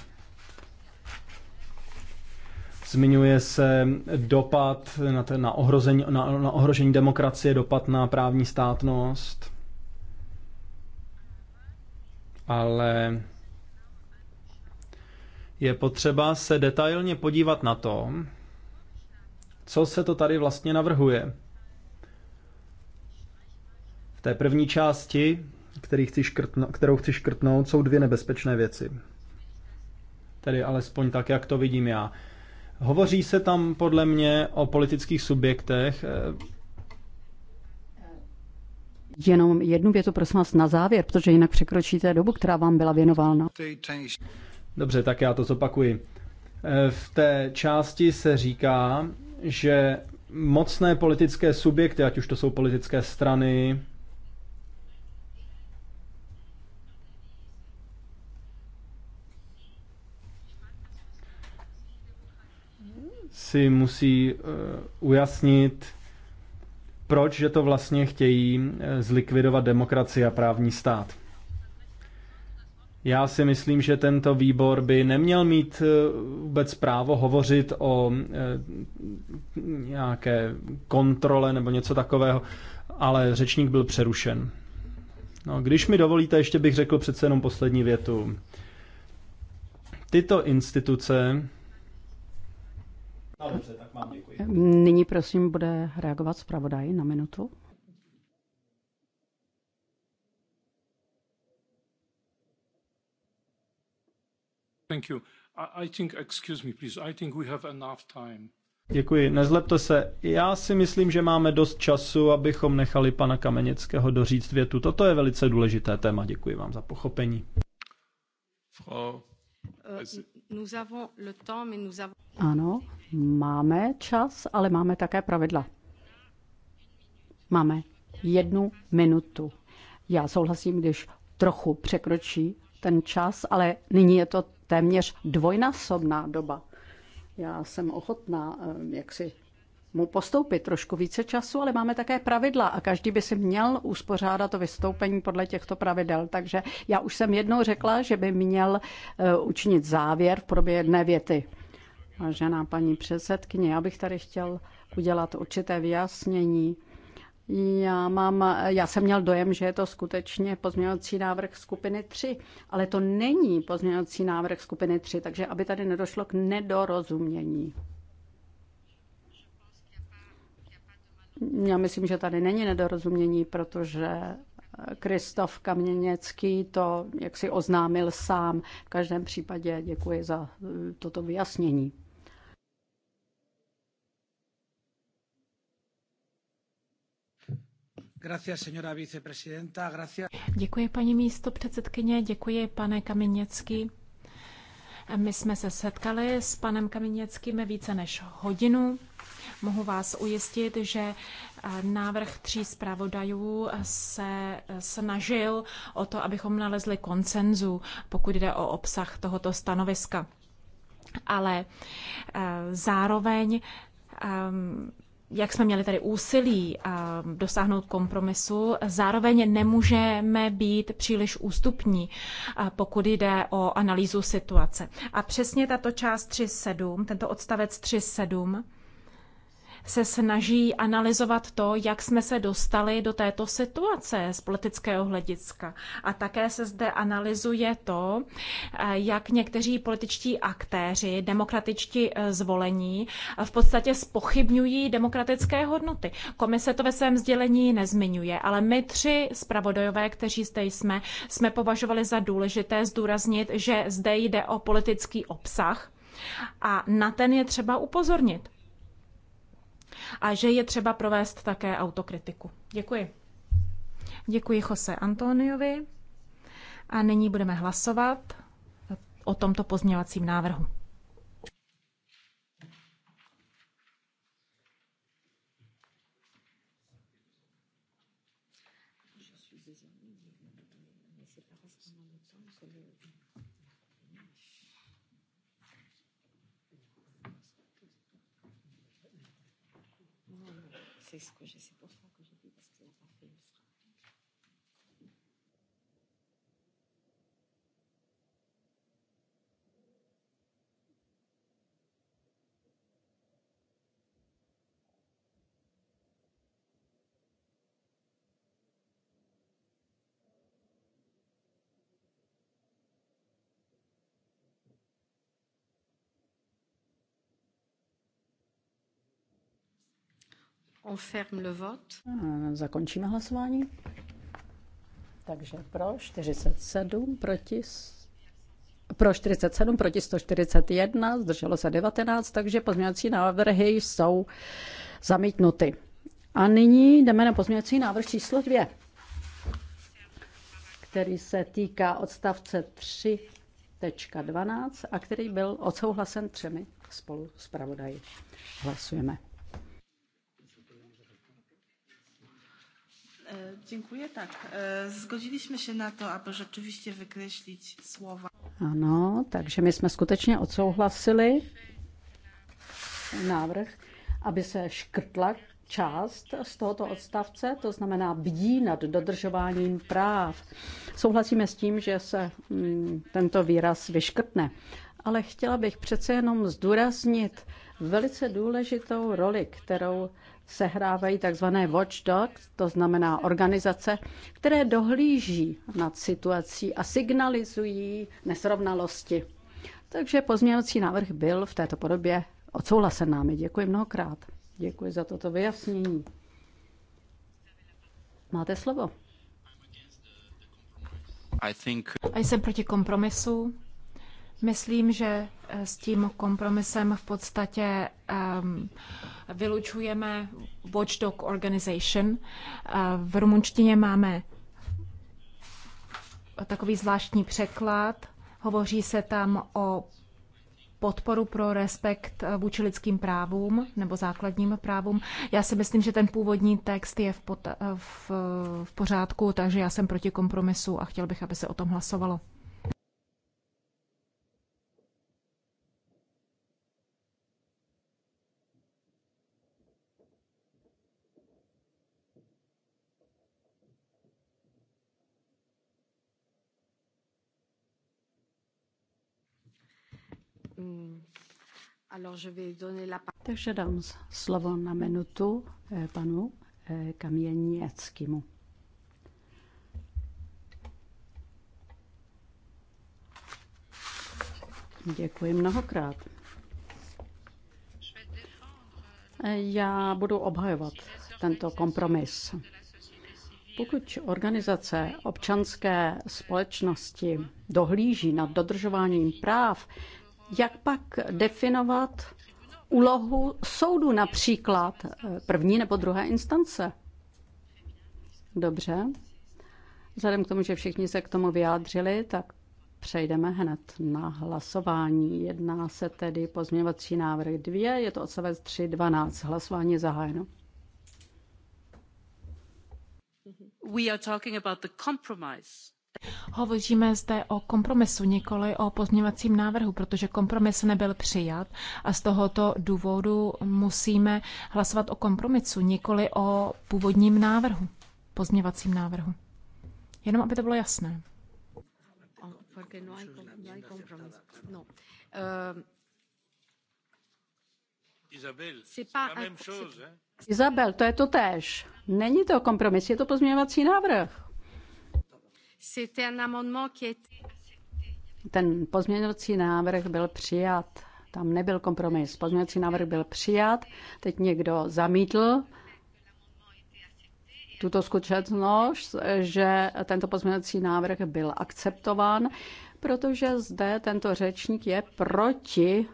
Zmiňuje se dopad na, ten, na, ohrození, na, na ohrožení demokracie, dopad na právní státnost. Ale je potřeba se detailně podívat na to, co se to tady vlastně navrhuje. V té první části který chci škrtno, kterou chci škrtnout, jsou dvě nebezpečné věci. Tedy alespoň tak, jak to vidím já. Hovoří se tam podle mě o politických subjektech. Eh,
Jenom jednu větu, prosím vás, na závěr, protože jinak překročíte dobu, která vám byla věnována.
Dobře, tak já to zopakuji. Eh, v té části se říká, že mocné politické subjekty, ať už to jsou politické strany, si musí eh, ujasnit, proč, že to vlastně chtějí eh, zlikvidovat demokracii a právní stát. Já si myslím, že tento výbor by neměl mít eh, vůbec právo hovořit o nějaké kontrole nebo něco takového, ale řečník byl přerušen. No, když mi dovolíte, ještě bych řekl přece jenom poslední větu. Tyto instituce No, dobře, tak mám děkuji.
Nyní prosím bude reagovat zpravodaj na minutu.
Thank you. I think, excuse me, please, I think we have enough time.
Děkuji, nezlepte se. Já si myslím, že máme dost času, abychom nechali pana Kameneckého doříct větu. Toto je velice důležité téma. Děkuji vám za pochopení. Frau
Eh,
ano, máme čas, ale máme také pravidla. Máme jednu minutu. Já souhlasím, když trochu překročí ten čas, ale nyní je to téměř dvojnásobná doba. Já jsem ochotná eh, jak si mu postoupit trošku více času, ale máme také pravidla a každý by si měl uspořádat to vystoupení podle těchto pravidel. Takže já už jsem jednou řekla, že by měl eh, učinit závěr v podobě jedné věty. Vážená paní předsedkyně, já bych tady chtěl udělat určité vyjasnění. Já, mám, já jsem měl dojem, že je to skutečně pozměňovací návrh skupiny 3, ale to není pozměňovací návrh skupiny 3, takže aby tady nedošlo k nedorozumění. Já myslím, že tady není nedorozumění, protože Kristof Kaměněcký to jak si oznámil sám. V každém případě děkuji za eh, toto vyjasnění.
Děkuji,
paní místo předsedkyně, děkuji, pane Kaminěcký. My jsme se setkali s panem Kaminěckým více než hodinu. Mohu vás ujistit, že eh, návrh tří zpravodajů eh, se eh, snažil o to, abychom nalezli konsenzu, pokud jde o obsah tohoto stanoviska. Ale zároveň ehm, jak jsme měli tady úsilí ehm, dosáhnout kompromisu, zároveň nemůžeme být příliš ústupní, pokud jde o analýzu situace. A přesně tato část 3.7, tento odstavec se snaží analyzovat to, jak jsme se dostali do této situace z politického hlediska. A také se zde analyzuje to, eh, jak někteří političtí aktéři, demokratičtí eh, zvolení, eh, v podstatě spochybňují demokratické hodnoty. Komise to ve svém sdělení nezmiňuje, ale my tři zpravodajové, kteří zde jsme, jsme považovali za důležité zdůraznit, že zde jde o politický obsah a na ten je třeba upozornit a že je třeba provést také autokritiku. Děkuji. Děkuji Jose Antoniovi a nyní budeme hlasovat o tomto pozměňovacím návrhu.
On ferme le vote.
Zakončíme hlasování. Takže pro 47, proti pro 47, proti 141, zdrželo se 19, takže pozměňovací návrhy jsou zamítnuty. A nyní jdeme na pozměňovací návrh číslo 2, který se týká odstavce 3.12 a který byl odsouhlasen třemi spolu zpravodaji. Hlasujeme.
E, dziękuję. Tak, e, zgodziliśmy się na to, aby rzeczywiście wykreślić słowa.
Ano, takže my jsme skutečně odsouhlasili návrh, aby se škrtla část z tohoto odstavce, to znamená bdí nad dodržováním práv. Souhlasíme s tím, že se mm, tento výraz vyškrtne, ale chtěla bych přece jenom zdůraznit velice důležitou roli, kterou sehrávají tzv. watchdogs, to znamená organizace, které dohlíží nad situací a signalizují nesrovnalosti. Takže pozměňovací návrh byl v této podobě odsouhlasen námi. Děkuji mnohokrát. Děkuji za toto vyjasnění.
Máte slovo. A jsem proti kompromisu. Myslím, že eh, s tím kompromisem v podstatě um, vylučujeme Watchdog Organization. Eh, v rumunštině máme takový zvláštní překlad. Hovoří se tam o podporu pro respekt eh, vůči lidským právům nebo základním právům. Já si myslím, že ten původní text je v, pot, v, v pořádku, takže já jsem proti kompromisu a chtěl bych, aby se o tom hlasovalo.
Takže dám slovo na minutu eh, panu eh, Kamieněckému. Děkuji mnohokrát. Eh, já budu obhajovat tento kompromis. Pokud organizace občanské společnosti dohlíží nad dodržováním práv, jak pak definovat úlohu soudu například eh, první nebo druhé instance? Dobře. Vzhledem k tomu, že všichni se k tomu vyjádřili, tak přejdeme hned na hlasování. Jedná se tedy pozměňovací návrh 2, je to odsavec 12. Hlasování je zahájeno. We are talking about the compromise.
Hovoříme zde o kompromisu, nikoli o pozměňovacím návrhu, protože kompromis nebyl přijat a z tohoto důvodu musíme hlasovat o kompromisu, nikoli o původním návrhu, pozměňovacím návrhu. Jenom aby to bylo jasné.
Isabel,
to je to též. Není to kompromis, je to pozměňovací návrh. Ten pozměňovací návrh byl přijat. Tam nebyl kompromis. Pozměňovací návrh byl přijat. Teď někdo zamítl tuto skutečnost, že tento pozměňovací návrh byl akceptován, protože zde tento řečník je proti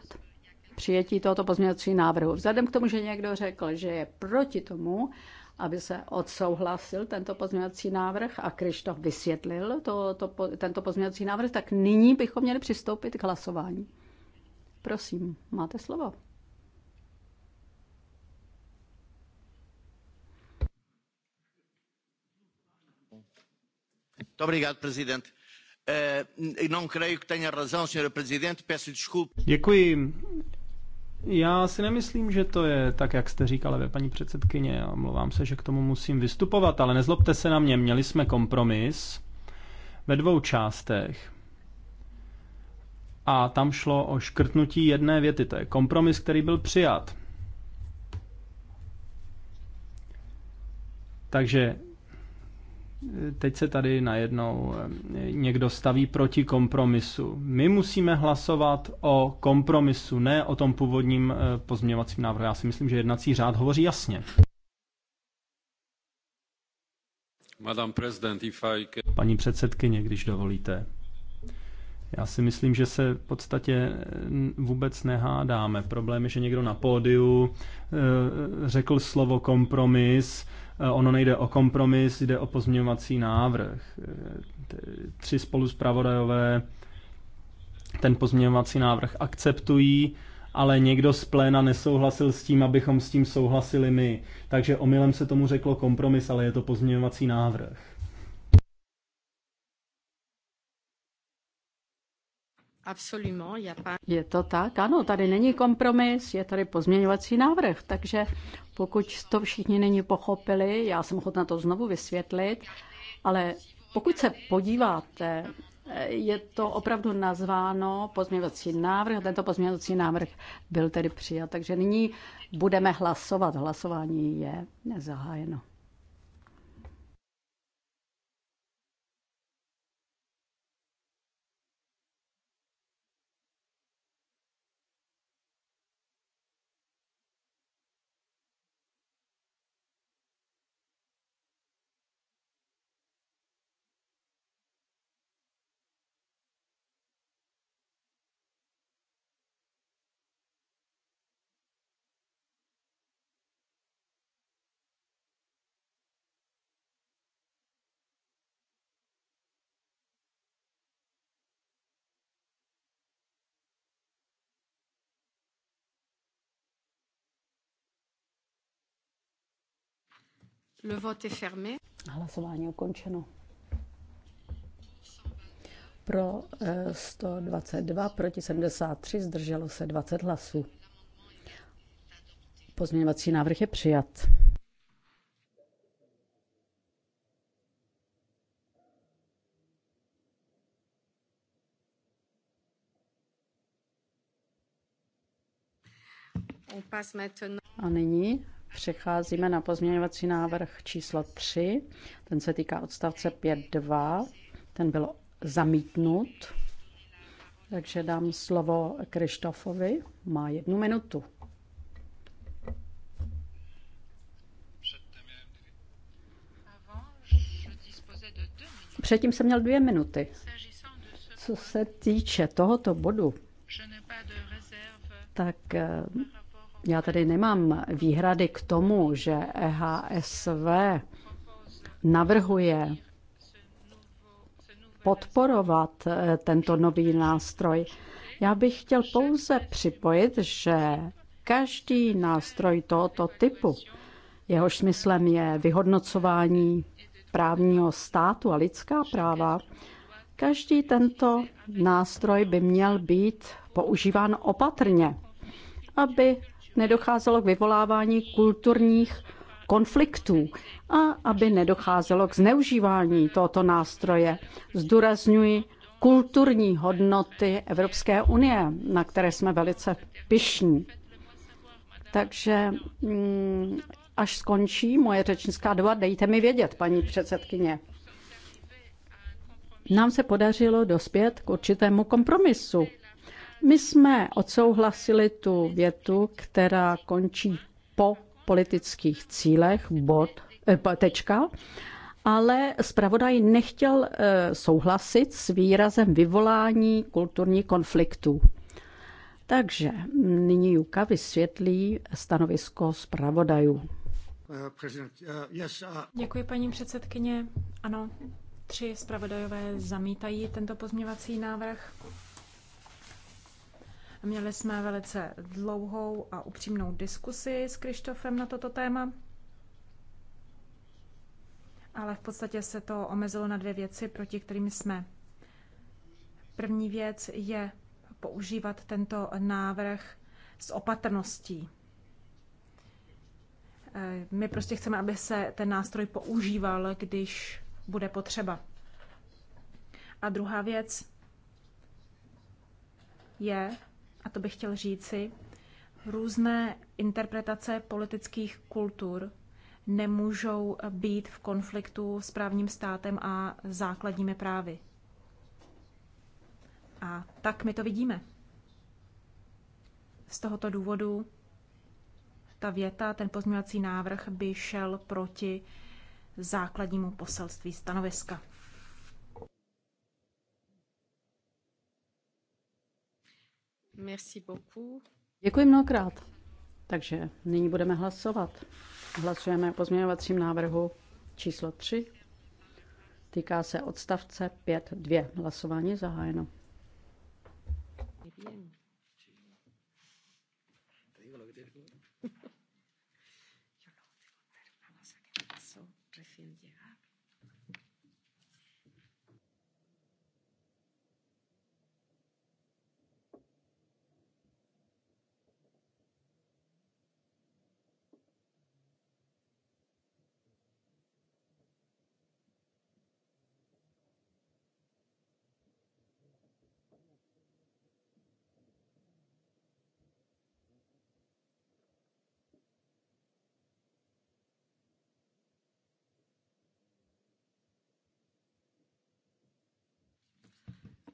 přijetí tohoto pozměňovacího návrhu. Vzhledem k tomu, že někdo řekl, že je proti tomu, aby se odsouhlasil tento pozměňovací návrh a Krištof vysvětlil to, to, tento pozměňovací návrh, tak nyní bychom měli přistoupit k hlasování. Prosím, máte slovo.
Eh,
Děkuji, já si nemyslím, že to je tak, jak jste říkala ve paní předsedkyně. Já omlouvám se, že k tomu musím vystupovat, ale nezlobte se na mě. Měli jsme kompromis ve dvou částech. A tam šlo o škrtnutí jedné věty. To je kompromis, který byl přijat. Takže teď se tady najednou eh, někdo staví proti kompromisu. My musíme hlasovat o kompromisu, ne o tom původním eh, pozměňovacím návrhu. Já si myslím, že jednací řád hovoří jasně. Paní předsedkyně, když dovolíte. Já si myslím, že se v podstatě eh, vůbec nehádáme. Problém je, že někdo na pódiu řekl slovo kompromis, Eh, ono nejde o kompromis, jde o pozměňovací návrh. Eh, tři spoluzpravodajové ten pozměňovací návrh akceptují, ale někdo z pléna nesouhlasil s tím, abychom s tím souhlasili my. Takže omylem se tomu řeklo kompromis, ale je to pozměňovací návrh.
Je to tak?
Ano, tady není kompromis, je tady pozměňovací návrh, takže pokud to všichni není pochopili, já jsem ochotná to znovu vysvětlit, ale pokud se podíváte, je to opravdu nazváno pozměňovací návrh, tento pozměňovací návrh byl tedy přijat, takže nyní budeme hlasovat, hlasování je zahájeno.
Le vote est fermé.
Hlasování ukončeno. Pro 122, eh, proti 73, zdrželo se 20 hlasů. Pozměňovací návrh je přijat. A nyní Přecházíme na pozměňovací návrh číslo 3. Ten se týká odstavce 5.2. Ten byl zamítnut. Takže dám slovo Krištofovi. Má jednu minutu. Předtím jsem měl dvě minuty. Co se týče tohoto bodu, tak eh, já tady nemám výhrady k tomu, že EHSV navrhuje podporovat eh, tento nový nástroj. Já bych chtěl pouze připojit, že každý nástroj tohoto typu, jehož smyslem je vyhodnocování právního státu a lidská práva, každý tento nástroj by měl být používán opatrně, aby nedocházelo k vyvolávání kulturních konfliktů a aby nedocházelo k zneužívání tohoto nástroje. Zdůrazňuji kulturní hodnoty Evropské unie, na které jsme velice pyšní. Takže mm, až skončí moje řečnická doba, dejte mi vědět, paní předsedkyně. Nám se podařilo dospět k určitému kompromisu. My jsme odsouhlasili tu větu, která končí po politických cílech, bod, eh, tečka, ale zpravodaj nechtěl eh, souhlasit s výrazem vyvolání kulturních konfliktů. Takže nyní Juka vysvětlí stanovisko zpravodajů.
Děkuji, paní předsedkyně. Ano, tři zpravodajové zamítají tento pozměvací návrh. Měli jsme velice dlouhou a upřímnou diskusi s Krištofem na toto téma. Ale v podstatě se to omezilo na dvě věci, proti kterým jsme. První věc je používat tento návrh s opatrností. My prostě chceme, aby se ten nástroj používal, když bude potřeba. A druhá věc je, a to bych chtěl říci, různé interpretace politických kultur nemůžou být v konfliktu s právním státem a základními právy. A tak my to vidíme. Z tohoto důvodu ta věta, ten pozměňovací návrh by šel proti základnímu poselství stanoviska.
Merci beaucoup.
Děkuji mnohokrát. Takže nyní budeme hlasovat. Hlasujeme o pozměňovacím návrhu číslo 3. Týká se odstavce 5.2. Hlasování zahájeno.
Děkujeme.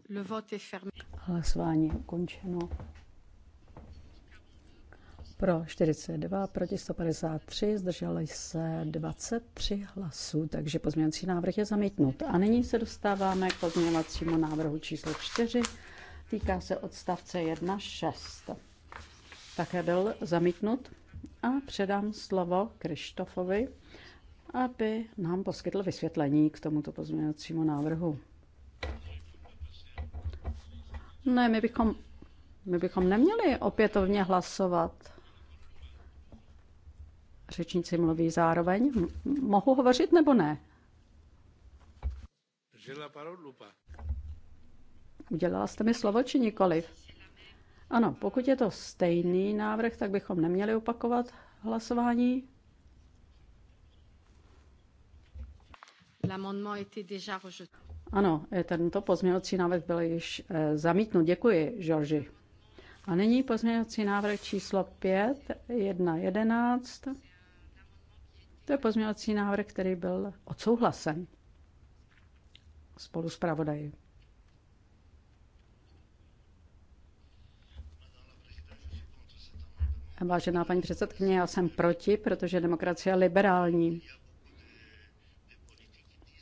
Le vote est fermé.
Hlasování je ukončeno. Pro 42, proti 153, zdrželi se 23 hlasů, takže pozměňovací návrh je zamítnut. A nyní se dostáváme k pozměňovacímu návrhu číslo 4. Týká se odstavce 1.6. Také byl zamítnut a předám slovo Krištofovi, aby nám poskytl vysvětlení k tomuto pozměňovacímu návrhu. Ne, my bychom, my bychom neměli opětovně hlasovat. Řečníci mluví zároveň. M mohu hovořit nebo ne? Udělala jste mi slovo či nikoliv? Ano, pokud je to stejný návrh, tak bychom neměli opakovat hlasování. Ano, tento pozměňovací návrh byl již eh, zamítnut. Děkuji, Žorži. A nyní pozměňovací návrh číslo 5, 1, 11. To je pozměňovací návrh, který byl odsouhlasen spolu s pravodají. Vážená paní předsedkyně, já jsem proti, protože demokracie je liberální.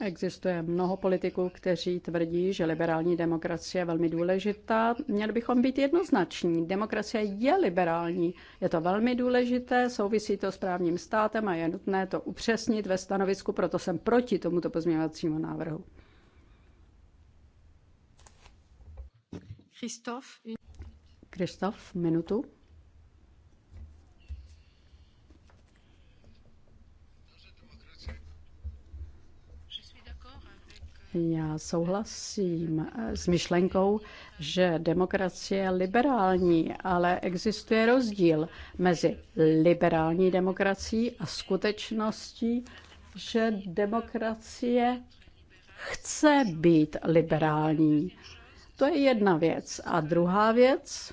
Existuje mnoho politiků, kteří tvrdí, že liberální demokracie je velmi důležitá. Měli bychom být jednoznační. Demokracie je liberální. Je to velmi důležité, souvisí to s právním státem a je nutné to upřesnit ve stanovisku, proto jsem proti tomuto pozměňovacímu návrhu. Kristof, Kristof minutu. Já souhlasím eh, s myšlenkou, že demokracie je liberální, ale existuje rozdíl mezi liberální demokracií a skutečností, že demokracie chce být liberální. To je jedna věc. A druhá věc,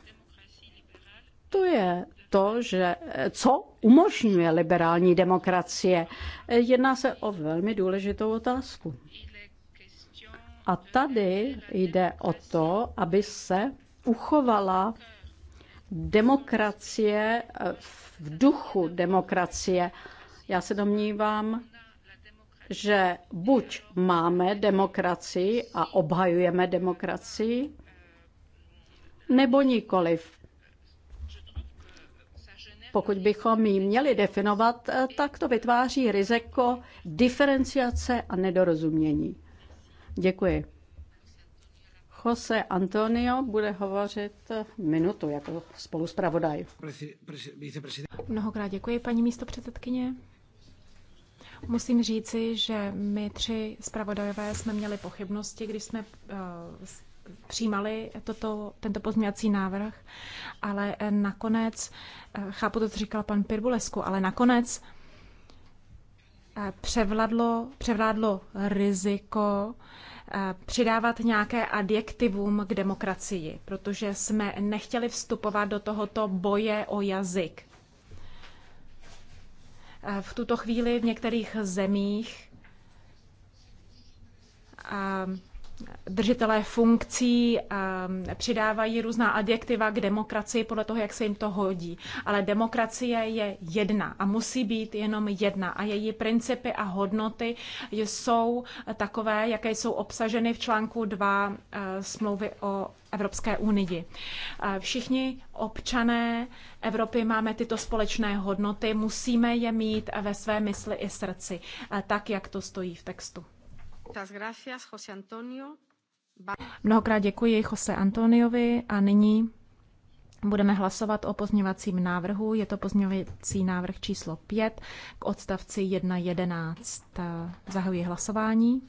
to je to, že eh, co umožňuje liberální demokracie. Eh, jedná se o velmi důležitou otázku. A tady jde o to, aby se uchovala demokracie eh, v duchu demokracie. Já se domnívám, že buď máme demokracii a obhajujeme demokracii, nebo nikoliv. Pokud bychom ji měli definovat, eh, tak to vytváří riziko diferenciace a nedorozumění. Děkuji. Jose Antonio bude hovořit minutu jako spoluspravodaj.
Mnohokrát děkuji, paní místopředsedkyně. Musím říci, že my tři zpravodajové jsme měli pochybnosti, když jsme eh, přijímali toto, tento pozměňovací návrh, ale eh, nakonec, eh, chápu to, co říkal pan Pirbulesku, ale nakonec převládlo, převládlo riziko, Eh, přidávat nějaké adjektivum k demokracii, protože jsme nechtěli vstupovat do tohoto boje o jazyk. Eh, v tuto chvíli v některých zemích eh, držitelé funkcí ehm, přidávají různá adjektiva k demokracii podle toho, jak se jim to hodí. Ale demokracie je jedna a musí být jenom jedna. A její principy a hodnoty jsou takové, jaké jsou obsaženy v článku 2 eh, smlouvy o Evropské unii. Eh, všichni občané Evropy máme tyto společné hodnoty, musíme je mít ve své mysli i srdci, eh, tak jak to stojí v textu. Mnohokrát děkuji Jose Antoniovi a nyní budeme hlasovat o pozměňovacím návrhu. Je to pozměňovací návrh číslo 5 k odstavci 1.11. Zahajuji hlasování.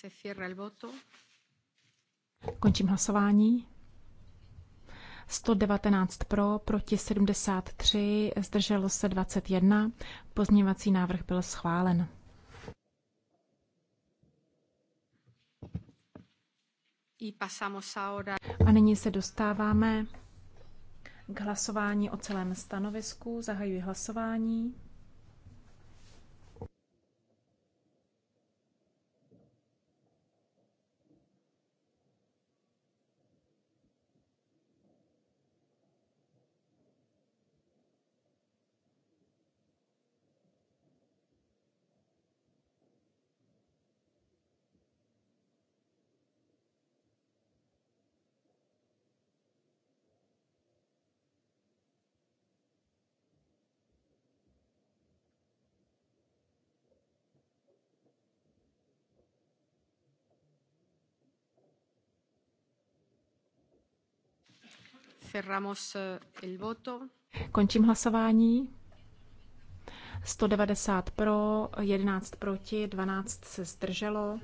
Se cierra el voto.
Končím hlasování. 119 pro, proti 73, zdrželo se 21. Pozměňovací návrh byl schválen. A nyní se dostáváme k hlasování o celém stanovisku. Zahajuji hlasování.
Cerramos eh, el voto.
Končím hlasování. 190 pro, 11 proti, 12 se zdrželo.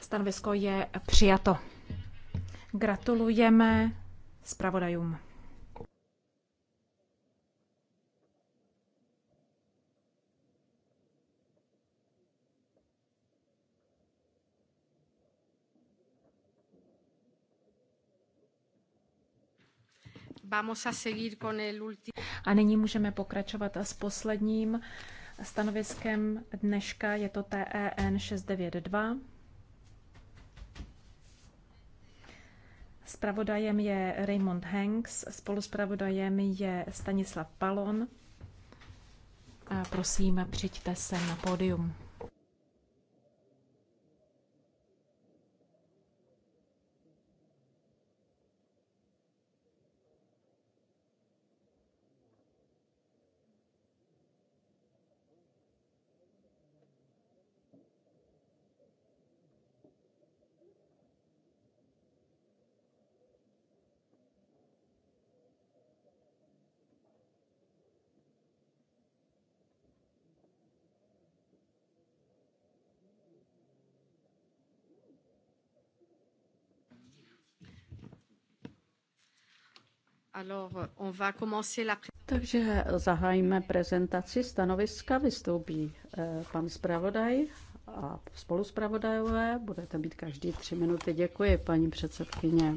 Stanovisko je přijato. Gratulujeme zpravodajům.
Vamos a seguir con el ulti-
a nyní můžeme pokračovat s posledním stanoviskem dneška. Je to TEN 692. Spravodajem je Raymond Hanks, spoluspravodajem je Stanislav Palon. A prosím, přijďte se na pódium.
Takže zahájíme prezentaci stanoviska, vystoupí eh, pan zpravodaj a spoluzpravodajové. Budete být každý tři minuty. Děkuji, paní předsedkyně.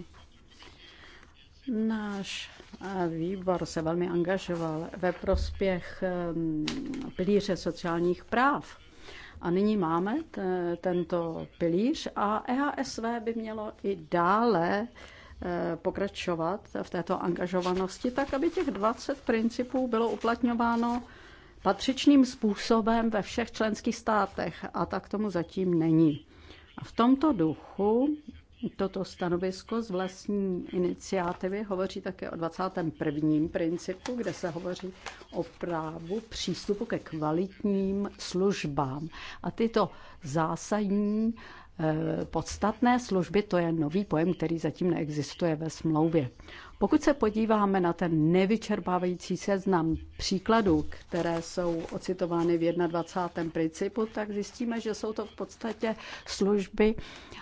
Náš eh, výbor se velmi angažoval ve prospěch eh, pilíře sociálních práv. A nyní máme tento pilíř a EHSV by mělo i dále Eh, pokračovat v této angažovanosti, tak aby těch 20 principů bylo uplatňováno patřičným způsobem ve všech členských státech a tak tomu zatím není. A v tomto duchu toto stanovisko z vlastní iniciativy hovoří také o 21. principu, kde se hovoří o právu přístupu ke kvalitním službám. A tyto zásadní Podstatné služby to je nový pojem, který zatím neexistuje ve smlouvě. Pokud se podíváme na ten nevyčerpávající seznam příkladů, které jsou ocitovány v 21. principu, tak zjistíme, že jsou to v podstatě služby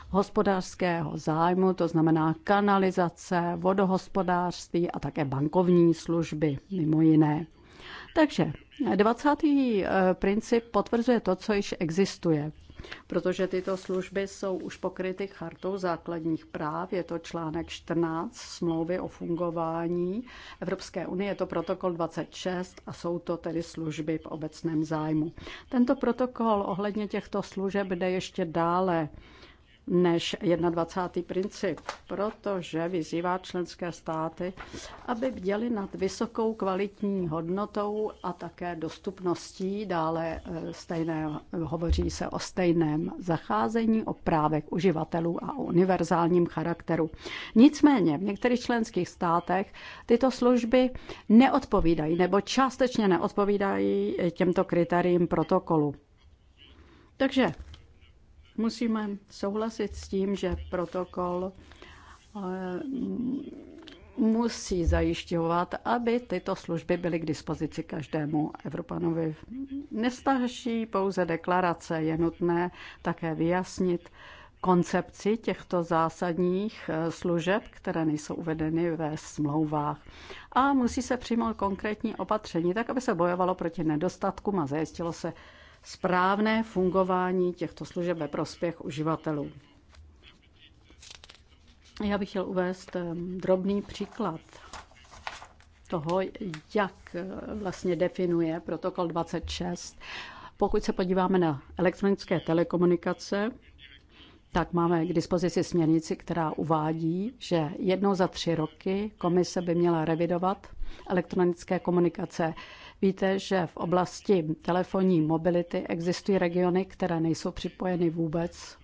hospodářského zájmu, to znamená kanalizace, vodohospodářství a také bankovní služby, mimo jiné. Takže 20. Eh, princip potvrzuje to, co již existuje protože tyto služby jsou už pokryty chartou základních práv. Je to článek 14 smlouvy o fungování Evropské unie, je to protokol 26 a jsou to tedy služby v obecném zájmu. Tento protokol ohledně těchto služeb jde ještě dále než 21. princip, protože vyzývá členské státy, aby bděli nad vysokou kvalitní hodnotou a také dostupností. Dále eh, stejné, hovoří se o stejném zacházení, o právech uživatelů a o univerzálním charakteru. Nicméně v některých členských státech tyto služby neodpovídají nebo částečně neodpovídají těmto kritériím protokolu. Takže Musíme souhlasit s tím, že protokol eh, musí zajišťovat, aby tyto služby byly k dispozici každému Evropanovi. Nestačí pouze deklarace, je nutné také vyjasnit koncepci těchto zásadních eh, služeb, které nejsou uvedeny ve smlouvách. A musí se přijmout konkrétní opatření, tak aby se bojovalo proti nedostatkům a zajistilo se správné fungování těchto služeb ve prospěch uživatelů. Já bych chtěl uvést drobný příklad toho, jak eh, vlastně definuje protokol 26. Pokud se podíváme na elektronické telekomunikace, tak máme k dispozici směrnici, která uvádí, že jednou za tři roky komise by měla revidovat elektronické komunikace Víte, že v oblasti telefonní mobility existují regiony, které nejsou připojeny vůbec.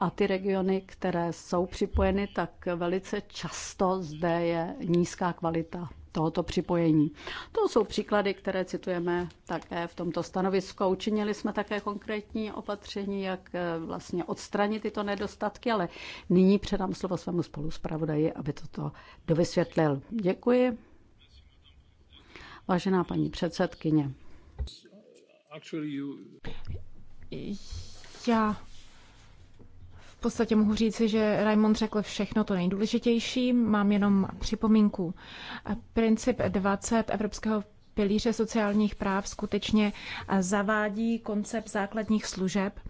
A ty regiony, které jsou připojeny, tak velice často zde je nízká kvalita tohoto připojení. To jsou příklady, které citujeme také v tomto stanovisku. Učinili jsme také konkrétní opatření, jak eh, vlastně odstranit tyto nedostatky, ale nyní předám slovo svému spoluspravodaji, aby toto dovysvětlil. Děkuji. Vážená paní předsedkyně.
Já v podstatě mohu říci, že Raymond řekl všechno to nejdůležitější. Mám jenom připomínku. Princip 20 Evropského pilíře sociálních práv skutečně zavádí koncept základních služeb,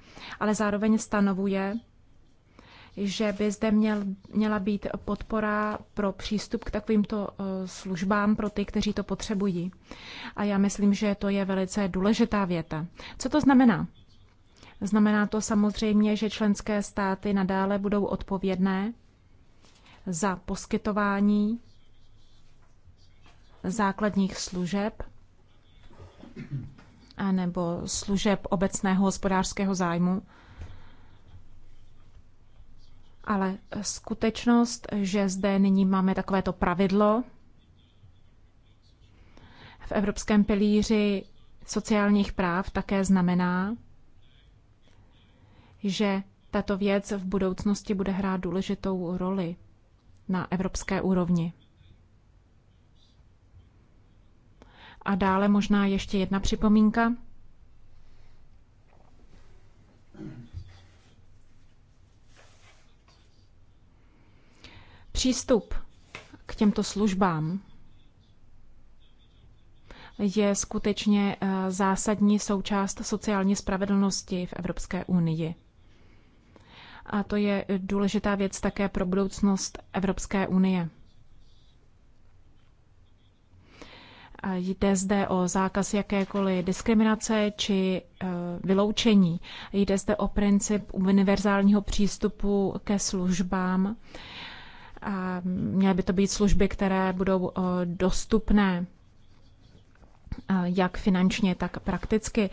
ale zároveň stanovuje, že by zde měl, měla být podpora pro přístup k takovýmto eh, službám pro ty, kteří to potřebují. A já myslím, že to je velice důležitá věta. Co to znamená? Znamená to samozřejmě, že členské státy nadále budou odpovědné za poskytování základních služeb nebo služeb obecného hospodářského zájmu ale skutečnost, že zde nyní máme takovéto pravidlo v Evropském pilíři sociálních práv, také znamená, že tato věc v budoucnosti bude hrát důležitou roli na evropské úrovni. A dále možná ještě jedna připomínka. Přístup k těmto službám je skutečně eh, zásadní součást sociální spravedlnosti v Evropské unii. A to je důležitá věc také pro budoucnost Evropské unie. Jde zde o zákaz jakékoliv diskriminace či eh, vyloučení. Jde zde o princip univerzálního přístupu ke službám Měly by to být služby, které budou eh, dostupné eh, jak finančně, tak prakticky.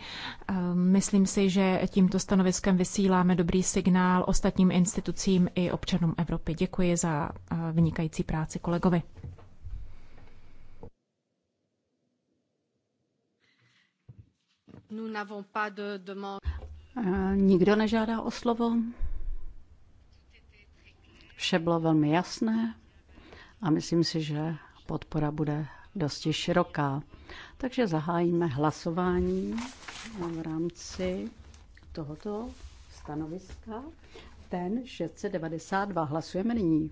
Eh, myslím si, že tímto stanoviskem vysíláme dobrý signál ostatním institucím i občanům Evropy. Děkuji za vynikající práci kolegovi.
Nikdo nežádá o slovo. Vše bylo velmi jasné a myslím si, že podpora bude dosti široká. Takže zahájíme hlasování v rámci tohoto stanoviska. Ten 692 hlasujeme nyní.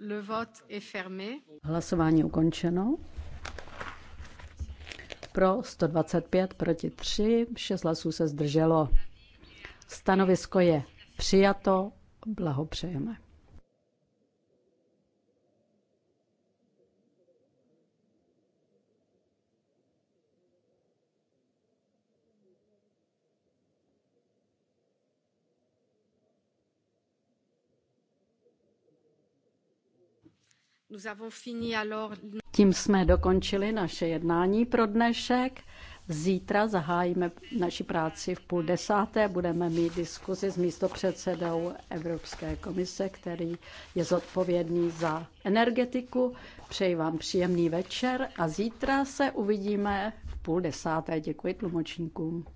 Le vote est fermé.
Hlasování ukončeno. Pro 125, proti 3, 6 hlasů se zdrželo. Stanovisko je přijato, blahopřejeme. Tím jsme dokončili naše jednání pro dnešek. Zítra zahájíme naši práci v půl desáté. Budeme mít diskuzi s místopředsedou Evropské komise, který je zodpovědný za energetiku. Přeji vám příjemný večer a zítra se uvidíme v půl desáté. Děkuji tlumočníkům.